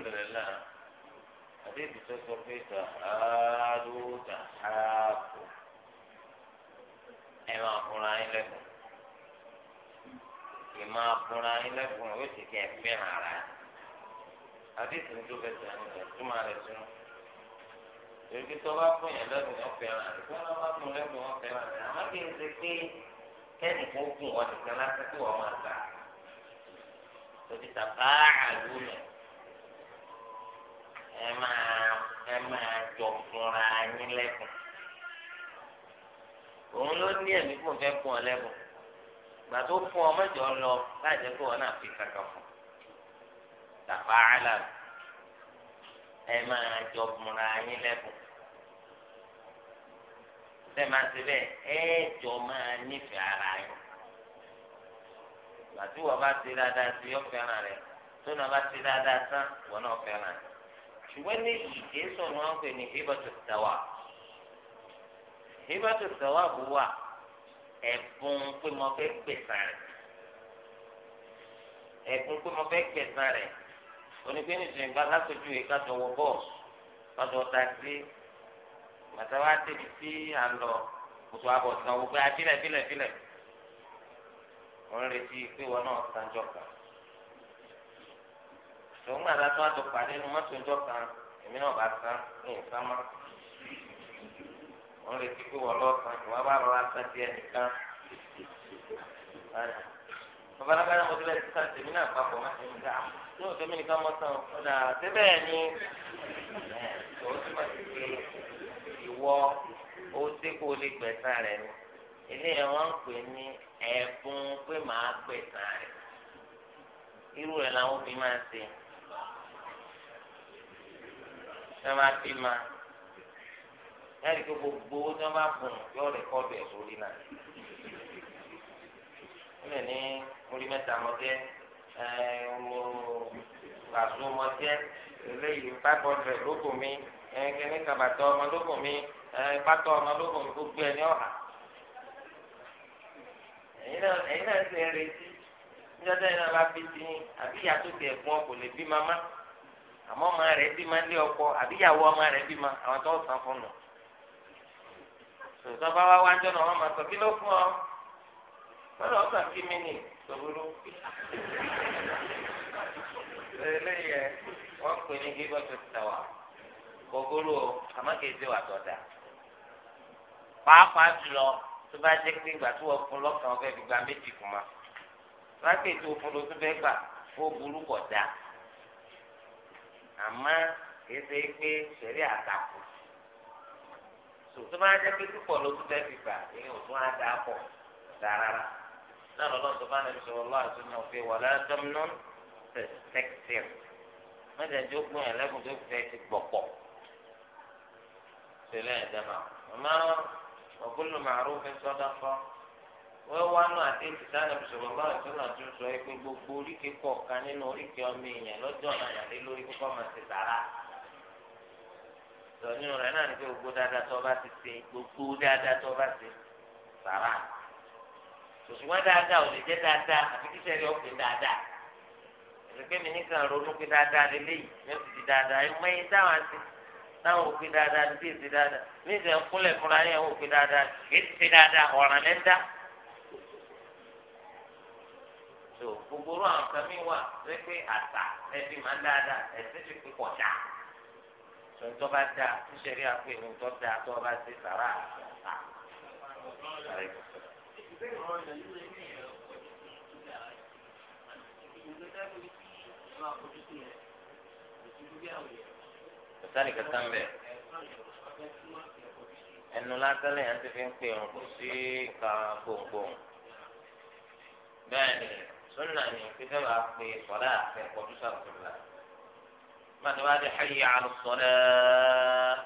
لله حديث تصور فيه تحادوا تحاكم ẹ máa fúnra yín lẹ́kùn ẹ máa fúnra yín lẹ́kùn yóò ti kẹ́ ẹ fẹ́ hàn ara yín àti ìsìn tó fẹsẹ̀ ní ẹ̀ túmọ̀ rẹ̀ sínú èyí tó bá fún yẹn lẹ́kùn yẹn fẹ́ hàn rẹ̀ tó bá bá fún lẹ́kùn yẹn fẹ́ hàn rẹ̀ àmọ́ kì í ṣe pé kẹ́ni kó gùn wọn nìkan láti kí wọ́n máa gbà tòbí tàbá àlùmọ̀ ẹ máa ẹ máa jọ fúnra yín lẹ́kùn òun ló ní ẹ̀mí fún fẹ́ fún ọ lẹ́bùn gbà tó fún ọ mẹ́jọ lọ láì jẹ́ pé wọn náà fi kankan fún tàbá àlà ẹ máa jọ múra yín lẹ́bùn bẹ́ẹ̀ máa ṣe bẹ́ẹ̀ ẹ jọ máa nífẹ̀ẹ́ ara yín gbà tí wọ́n bá ṣe dáadáa sí ọ fẹ́ràn rẹ tó náà bá ṣe dáadáa sán wọn náà fẹ́ràn rẹ ṣùgbọ́n ní ìdí sọ̀rọ̀ wọn pè ní ìbọ̀tò tẹ̀wà ìbá tó sọ̀wáàbù wà ẹ̀bùn pé mo fẹ́ gbẹ̀sán rẹ̀ ẹ̀bùn pé mo fẹ́ gbẹ̀sán rẹ̀ onígbẹ́ni tó ń gbà lásojú yìí ká tó wọ bọ́ọ̀sì ká tó ta sí màtá wá débi tí à ń lọ kòtò àbọ̀ sanwó pé abílẹ̀ ah, bílẹ̀ bílẹ̀ wọ́n ń retí pé wọn náà sanjọ́ kan tòun àdàtọ́ àtọ̀pàdé nu mọ́tò ìjọ kan èmi náà bá san ní ìsámá wọn lè fi pé wọn lọ kan wọn bá rọra san díẹ̀ nìkan babalaba náà mo ti lẹ ti san tèmi náà papọ̀ má tèmi dá ní òtún mi nìkan mọ san ọ̀dà síbẹ̀ ni òun ti máa ti pé ìwọ ó dé kó o lè gbẹ̀sà rẹ̀ ni eléyà wọn ń pè ní ẹ̀bùn pé màá gbẹ̀sà rẹ̀ irú rẹ̀ làwọn òbí máa ń ṣe ṣé máa fi máa ẹ̀rí pé gbogbo owó tí wọ́n bá fún un yóò rẹ̀kọ́dù ẹ̀ sórí náà. wọ́n lè ní orí mẹ́ta mọ́tẹ́ mo pàṣọ mọ́tẹ́ eléyìí five hundred lóko mi kíní kàbàtọ̀ ọmọ lóko mi pátọ̀ ọmọ lóko mi gbogbo ẹ̀ ní ọ̀hà. ẹ̀yin náà ṣe ń retí níjọ́tẹ́ yìí náà bá fi ti àbí ìyá tó ti lè bí mama àmọ́ ọmọ rẹ̀ bí ma ń lé ọkọ àbí ìyàwó ọmọ rẹ̀ bí ma àwọn tó sàn fún un tòótọ́ bá wá wájọ́ náà wọ́n máa sọ kí ló fún ọ lọ́dọ̀ ọ̀sán kí mi nì sòwúrú. eléyẹ wọ́n pè ní gígbọ́ tó ti tàwà gbogbo o àmọ́ kì í ṣe wà tọ̀dà. pàápàá jùlọ tó bá jẹ́ pé ìgbà tó wọ́n fún lọ́kàn ọ̀fẹ́ fi gba méjì fún ma. láti ètò òfurufú tó fẹ́ gbà ó burú kọ̀ dá. àmọ́ kì í ṣe pé ṣẹ̀rí àtàkùn tó máa jẹ́ pé púpọ̀ ló tún fẹ́ẹ́ fi gbà èyí ò tún á dà pọ̀ rárá náà lọ́dọ̀ tó bá nàbí sọ̀rọ̀ lọ́wọ́ àti ọ̀nà òfin wà látọ́mùnú pẹ̀sẹ̀kìtìrì mẹ́tẹ̀ẹ̀dì ogun yẹn lẹ́kùn tó fẹ́ ti gbọ̀pọ̀ tẹ́lẹ̀ ẹ̀dá máa màmá ọ̀gbọ́nlù màrún fẹ́ sọ́dá fọ́ wọ́n wá nù àti ìtìsá nàbí sọ̀rọ̀ lọ́wọ́ àti ọ̀nà tó sọ pé gbogbo oríkèé kọ̀ọ̀kan nínú oríkèé ọmọ èèyàn lọ́jọ́ àyàlé lórí kókó tọ́ni rẹ̀ náà ní pé gbogbo dáadáa tó bá ti ṣe gbogbo dáadáa tó bá ṣe sàrà òṣùwọ̀n dáadáa ò lè jẹ́ dáadáa àfi kí sẹ́rí ọ̀pẹ dáadáa ìrìnkè mi nìkan ronú pé dáadáa lélẹ́yìí ní oṣù ti dáadáa ẹ mọ ẹyin táwọn àti táwọn òpin dáadáa ní bíyèsí dáadáa ní ìsẹ̀ ń kúnlẹ̀ fúnra yẹn òpin dáadáa kì í ti dáadáa ọ̀ràn lẹ́ńdá. tó gbogbo orú àwọn kan mi wà pé àtà ẹbí máa ń dáadáa ẹ̀sìn ti pípọ̀ dáa tọ́ bá dáa tíṣẹ̀rí àpò ìlú tọ́ dáa tọ́ bá ti sàrà àgbà. sani kata mbẹ ẹnu lásán lẹ́yìn àti fi ń pè ń kó sí ka gbòǹgbòǹ bẹ́ẹ̀ ni sunna ni pípẹ́ bá pè sọ́dá àti ẹ̀kọ́ tó sàkóso la. من واد حي على الصلاة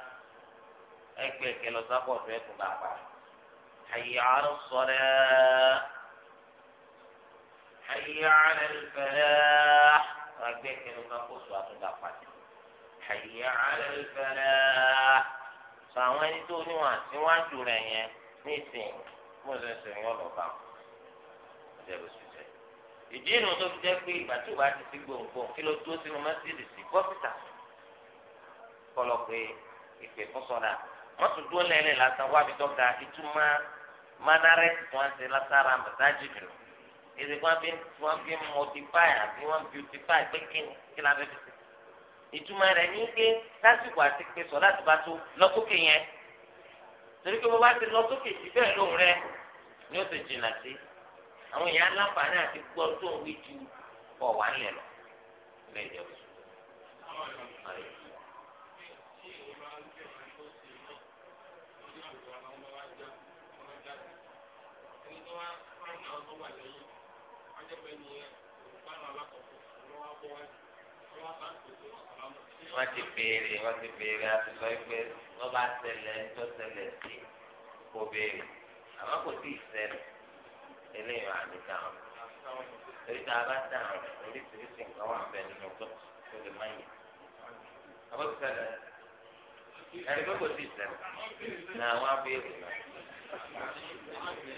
أكبر كلا سقط فيكم بعد حي على الصلاة حي على الفلاح أكبر كلا سقط فيكم بعد حي على الفلاح فأنا أريد أن أقول لك أن أنا أريد أن أقول لك أن أنا أريد أن أقول لك ìdí inú tó fi jẹ́ pé ìgbà tí òbá ti ti gbòǹgbò kí ló tó sínú mọ́sídìí sí bọ́sítà kọlọ pé ìpè fún sọ̀dà wọ́n tún dúró lẹ́lẹ̀ lásán wá bí dọ́gba ìtumọ̀ manarẹ́tì tí wọ́n ti lására mọ̀tájì jù èdè wọn fi wọn fi mọtifáì àbí wọn biutifáì pé kí ni kí la fẹ́ fi ṣe ìtumọ̀ rẹ̀ ní pé lásìkò àti pé sọ̀dà ti bá tó lọ sókè yẹn torí pé bó bá ti lọ sókè sí bẹ́ẹ̀ lóhùn rẹ̀ ni ó ti jìnnà sí àwọn èèyàn aláǹfààní àti gbọ́ tó ń wí ju pọ̀ wá nílẹ̀ lọ ilé ìjọba. wọ́n ti béèrè wọ́n ti béèrè àti sọ pé wọ́n bá ṣẹlẹ̀ ń tọ́ ṣẹlẹ̀ sí kò béèrè àmọ́ kò tí ì ṣẹlẹ̀ eléyìí àmì dáhùn torí tá a bá dáhùn oríṣiríṣi nǹkan wà bẹ nínú tó tó lè má yẹ àbọ̀tí sẹ́lẹ̀ ẹni pé kò sí ìṣẹ̀lẹ̀ ní àwọn abéèrè náà. láti wá sí sẹ́wọ̀n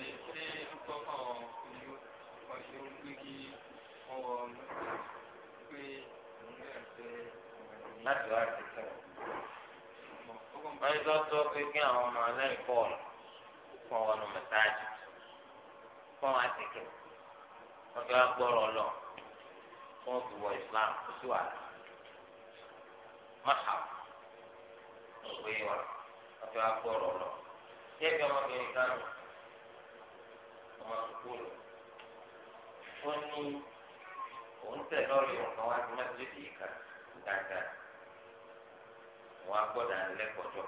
wọ́n yóò tọ́ pé kí àwọn ọmọ aláìkọ́ ọ̀nà fún ọ̀nà mẹ́sáàgì fún wa tẹ̀kẹ̀ wọ́n fi wá gbọ́rọ̀ lọ fún òfin wọ islam kò sí wàhálà máa òwe wa wọ́n fi wá gbọ́rọ̀ lọ ṣé ẹgbẹ́ ọmọbìnrin kan ọmọ sùkúlù ó ní òun tẹ̀ lọ́ọ̀rì ọ̀kan wá sí mẹ́tìrìtì yìí kan dáadáa wọ́n á gbọ́dọ̀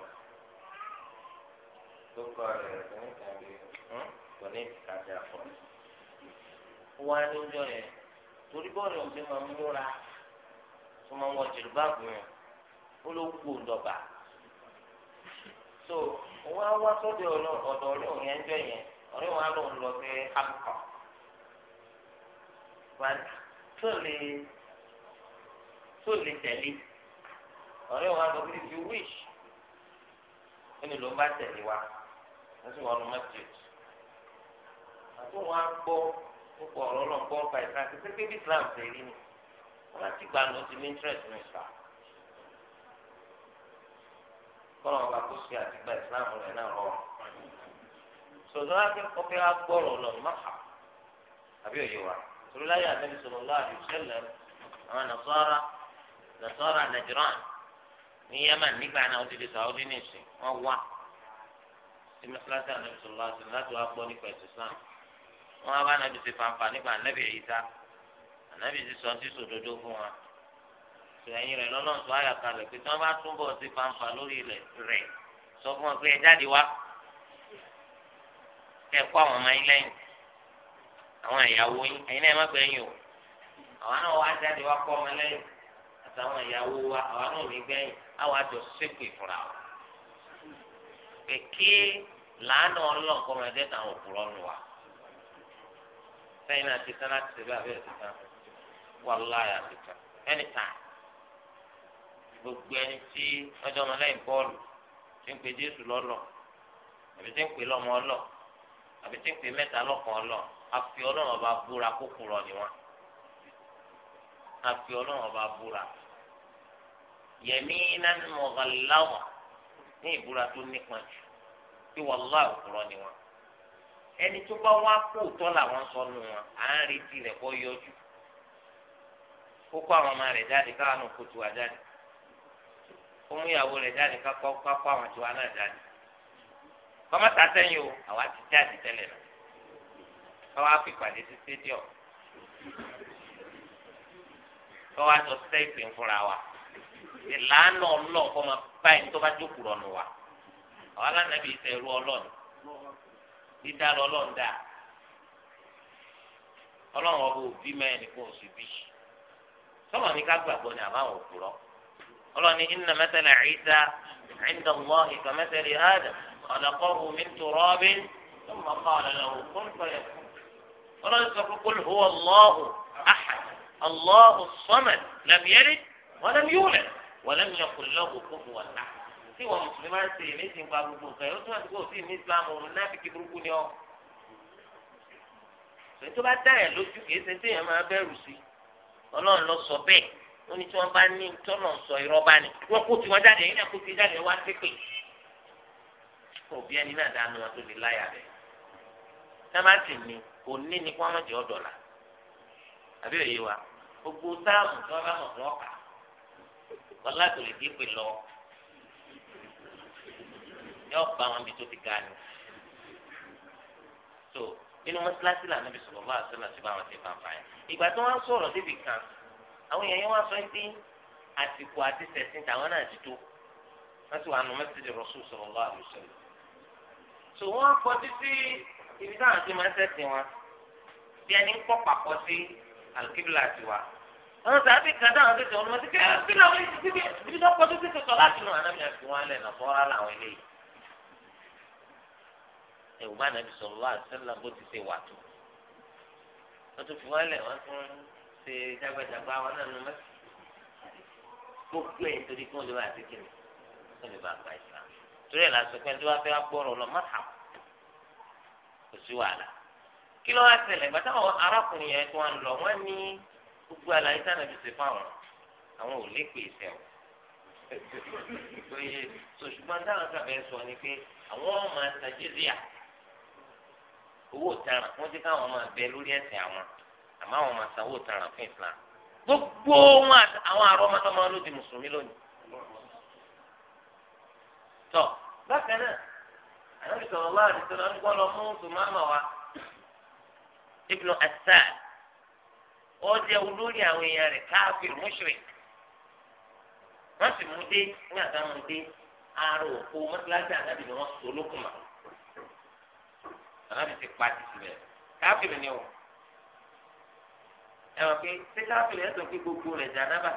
tó kọ́ rẹ̀ lẹ́yìn kan bí. Hmm? kò ní ìkàtà pọ̀ wá níjọ yẹn torí bọ́ọ̀lù ọ̀sẹ̀ máa ń múra tó máa ń wọ jìlúbáàbù yẹn ó ló kú òǹdọ̀bà so wọ́n á wá sọ́dọ̀ ọ̀dọ̀ ọ̀rẹ́ òun yẹn jọ yẹn ọ̀rẹ́ wọn á lọ lọ sí akọ tó lè tó lè tẹ̀lé ọ̀rẹ́ wọn á lọ sí if you wish ó ní ló ń bá tẹ̀lé wa wọ́n sì wọ́n lu mọ́tíọ̀tì. àti wọn á gbọ́ nípa ọ̀rọ̀ náà gbọ́ nípa ìsìlá pé bí Islam ṣe rí ni láti gbà lọ sí ní interest kọ́nà ọba Islam rẹ̀ náà rọrùn láti lọ má fà àbí òye wa torí láyé sọ̀rọ̀ lọ́wọ́ àwọn ní Yemen nígbà náà ó ti di wọ́n wá sí sọ̀rọ̀ láti wá gbọ́ wọn bá nàbì ṣe fanfa nípa ànábì Ìsá ànábì ti sọ sòdodo fún wa tó ẹ̀yin rẹ̀ tó àyà kalẹ̀ pé tí wọ́n bá túbọ̀ ṣe fanfa lórí ilẹ̀ rẹ̀ sọ fún wọn pé ẹ jáde wá ẹ kó àwọn ọmọ yín lẹ́yìn àwọn ìyàwó yín ẹ̀yin náà má gbẹ̀yìn o àwọn náà wá jáde wá kó ọmọ lẹ́yìn àtàwọn ìyàwó wa àwọn náà ò ní gbẹ̀yìn àwọn àjọ ṣépè fúnra wa pé kí làánà ọlọ́ọ̀kọ́ máa dẹ́ tàwọn nù wa sẹ́yìn náà ti tán láti ṣe bá abẹ́rẹ́ ti tán wàláhì àti tán anytime gbogbo ẹni tí ọjọ́ ọmọlẹ́yìn bọ́ọ̀lù ti ń pe jésù lọ́lọ́ àbí ti ń pe lọ́mọ ọlọ́ àbí ti ń pe mẹ́ta lọ́kàn ọlọ́ àfi ọlọ́run ọba búra kókùrọ̀ ni wọn àfi ọlọ́run ọba búra yẹmí nánú mọ̀gàláwà ní ìbúra tó nípa jù bí wàláhì òkúrọ̀ ni wọn ẹni tó bá wá kó tọ́ làwọn sọnù wọn à ń retí rẹ̀ kọ́ yọjú ó kó àwọn ọmọ rẹ̀ jáde káwọn náà kó tiwa jáde ó mú ìyàwó rẹ̀ jáde kápá kápá àwọn tiwa náà jáde kọ́mọ́tà sẹ́yìn o àwa ti jáde tẹ́lẹ̀ náà káwá fi pàdé sí stadium káwá jọ sẹ́ẹ̀pì fúnra wa ìlànà ọlọ́ọ̀ kọ́ máa bá ẹni tó bá jókòó lọ́nu wa àwa lánàá bí ìṣẹ̀rù ọlọ́ọ̀ni dídá lọ lọ́n dà ọlọ́run ọba òbí mẹ́rin nìkan oṣù bí sọ́wọ́n ní ká gbàgbọ́ ni àbáwọn òpùrọ́ ọlọ́run ní inna mathala Isa inda Allahi ka mathali Adam khalaqahu min turabin thumma qala lahu kun fayakun ọlọ́run sọ pé qul huwa Allahu ahad Allahu samad lam yalid wa lam yulad wa tí wọn mùsùlùmí máa ń ṣe èméjì ń pa gbogbo nǹkan yìí ó túmọ̀ sí pé òsì ní islam òun náà fi kí burúkú ni ọ. sọ tó bá dá ẹ̀ lójú kìí ṣe tí èèyàn máa bẹ̀rù sí ọlọ́run lọ sọ bẹ́ẹ̀ ó ní tí wọ́n bá ní tọ́nà sọ irọ́ bá ní wọ́n kó tiwọn jáde yín náà kó tiwọn jáde wá sí pé òbí ẹni náà dáná wọn tó di láyà rẹ̀ tábàtì ni òní ni kó wọn jẹ ọdọ la àbí òye wa gbogbo táàmù tí wọn bá mọ̀ yóò bá wọn bí tó ti ga ni so inú mọ́sálásí là níbi sọ̀rọ̀ bá àṣẹ láti bá wọn ṣe fanfa yẹn ìgbà tí wọ́n sọ̀rọ̀ débi kan àwọn èèyàn yẹn wá sọ pé àsìkò àti sẹ̀sìn tàwọn náà ti tó wọ́n sì wà nù mẹ́sàgì rọ̀ṣù sọ̀rọ̀ bá àlùsọ̀ yìí so wọ́n kọ títí ibi táwọn ti máa ń sẹ̀sìn wọn bí ẹni ń pọ̀ pàpọ̀ sí àlùkíbìlà tiwa wọn sọ àbí kan táwọn tètè wọn mọ sí kẹ ẹ bí làwọn ibi tó pọ̀ tó ẹ̀wù bá nàbì sallallahu alaihi wasallam bó ti ṣe wà tó wọ́n tún fi wọ́n lẹ̀ wọ́n tún ṣe jágbàjàgbà wọn náà nù mẹ́sì gbogbo ẹ̀ nítorí kí wọ́n lè wá àti kìnnì kí wọ́n lè bá àgbà ìsà torí ẹ̀ la sọ pé ẹni tó bá fẹ́ wá gbọ́rọ̀ lọ má hà kò sí wàhálà kí ló wá ṣẹlẹ̀ gbàtà àwọn arákùnrin yẹn tó ń lọ wọ́n ní gbogbo àlàyé sànàbì ṣe fáwọn àwọn ò lè pè é oye sòṣùgbọ́n táwọn sábẹ́ sọ ni pé àwọn ọmọ àtàjẹ́síà owó ìtanràn wọ́n ti káwọn máa bẹ lórí ẹ̀sìn àwọn àmọ́ àwọn máa sanwó ìtanràn gbogbo wọn àwọn àrọ́mọdọ́mọ ló di mùsùlùmí lónìí. tọ́ bákan náà ànábì sọ̀rọ̀ wá àdìsọ́ náà nígbà lọ mú wa ibnu asad ó jẹ olórí àwọn èèyàn rẹ̀ káfíìn sì mú dé ní àtàwọn dé anábì ti pa ti sílẹ̀ káfíìrì ni o ẹ mọ̀ pé ṣé káfíìrì ẹ̀ sọ pé gbogbo rẹ̀ jànábà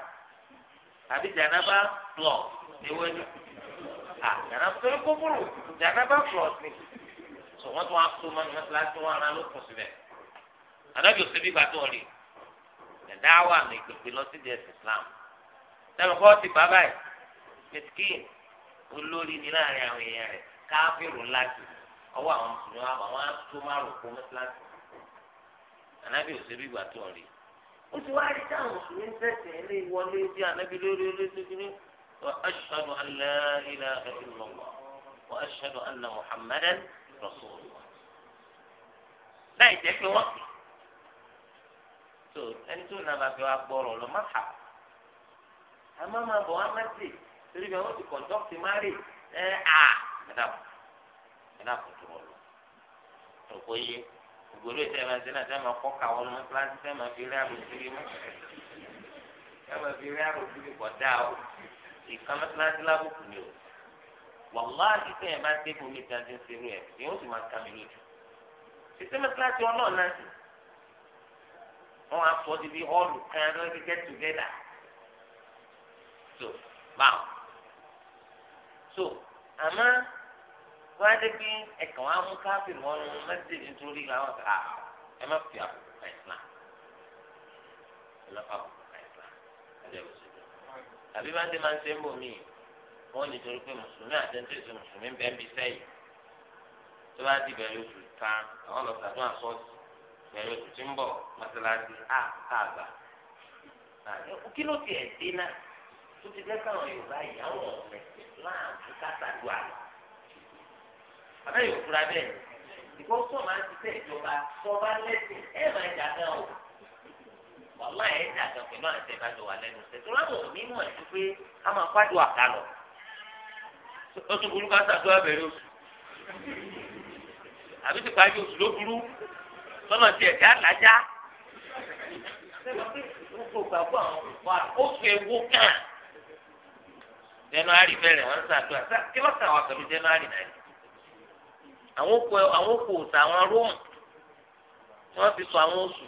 àbí jànábà plọ̀ ewé ni à jànábà torí kókòrò jànábà plọ̀ ni sọ wọ́n tún wá tó mọ́nu mọ́sálásí wọn ara ló kù sílẹ̀ anábì ò sẹ́bí gbàtọ́ rí ẹ̀dá wà ní ìpèpè lọ sí ẹ̀sìn Islam sẹ́wọ̀n ti bàbá ẹ̀ mẹsìkì olórí ni láàrin àwọn èèyàn rẹ̀ káfíìrì ọwọ́ àwọn mùsùlùmí wa àwọn tó má rò kó mẹ́tíláṣí ànábì ò ṣebí ìgbà tó ń rí ó ti wá rí táwọn mùsùlùmí sẹ̀sẹ̀ ilé wọlé bí ànábì lórí olóṣèlú ní ashhadu an la ilaha illallah wa ashhadu anna muhammadan rasulullah láì jẹ́ pé wọ́n kì í tó ẹni tó nà bàbá wa gbọ́rọ̀ lọ má kà àmọ́ máa bọ̀ wá má torí bí wọ́n ti kọ̀ńtọ́ọ̀tì dákun tó wọ̀ lọ. òkò yé ògbóló ìtẹ́ máa ń sẹ́nà sẹ́nà kọ́ káwọn ọmọ kíláàsì sẹ́nà fi rí àrò sílé mọ́ sẹ́nà fi rí àrò sílé kọ́ dá o ìkan kíláàsì lábùkù ni o wàhálà ìtẹ́ yẹn bá dé fún mi tí a ń serú ẹ̀ ni ó sì máa ká mi lójú. sísẹ́mẹ́ kíláàsì ọlọ́ọ̀ náà sì wọ́n á sọ ti bí ọ́ọ̀lù kan lọ́wọ́ get together. so báwo so àmọ́ wọ́n á dé pé ẹ̀kàn wọn á mú káfíìn mọ́nu mẹ́sẹ̀gì nítorí àwọn ọ̀tá ẹ má fi àbùkù kan ìsìlá ẹ lọ́ fàbùkù kan ìsìlá ẹ̀jẹ̀ òsì tàbí bá ń dé máa ń ṣe ń bò mí wọ́n nítorí pé mùsùlùmí àtẹ̀ntẹ̀sẹ̀ mùsùlùmí bẹ́ẹ̀ ń bí sẹ́yìn tó bá di bẹ̀rẹ̀ oṣù kan àwọn lọ sàdún àsọ́ọ̀tì bẹ̀rẹ̀ oṣù tí ń bọ̀ mọ́sálásí á káàgbà. kí ló ti ẹ̀ dé náà tó ti dẹ́ka àwọn Yorùbá yìí àwọn ọ̀rẹ́ láàbù kátàdúrà lọ abẹ́yẹ òfurá bẹ́ẹ̀ ìkó sọ máa ń ṣiṣẹ́ ìjọba sọba lẹ́sìn ẹ̀ máa ń jà gan o wàhálà ẹ̀ ń jà gan pẹ̀lú àti ẹ̀ bá jọ wà lẹ́nu ṣe tó láwọn òní mọ̀ ẹ̀ pé ká máa pàdé àká lọ. ó tún burú ká sàtó abẹ́rẹ́ oṣù àbí ti pàdé oṣù ló burú lọ́nà tí ẹ̀dá làjá. gbogbo gbàgbọ́ àwọn òkú àrùn ó fi ewu kàn. january bẹ̀rẹ̀ wọ́n sàtó àti kí lọ́sàn àwọn pẹ̀lú january náà àwọn òkú àwọn òkú òsà àwọn róòmù tí wọ́n fi sọ àwọn oṣù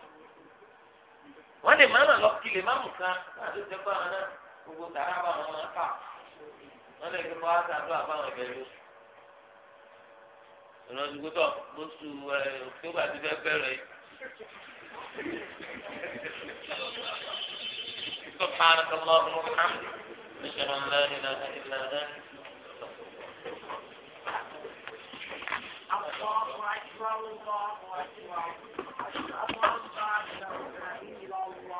wọ́n lè má nà lọ kí má mú kan láti ṣe fún àwọn náà gbogbo tàrà bá wọn máa fà wọ́n lè fi tó oṣù òkútóbà ti fẹ́ bẹ̀rẹ̀ Dog like, trouble, dog like, right.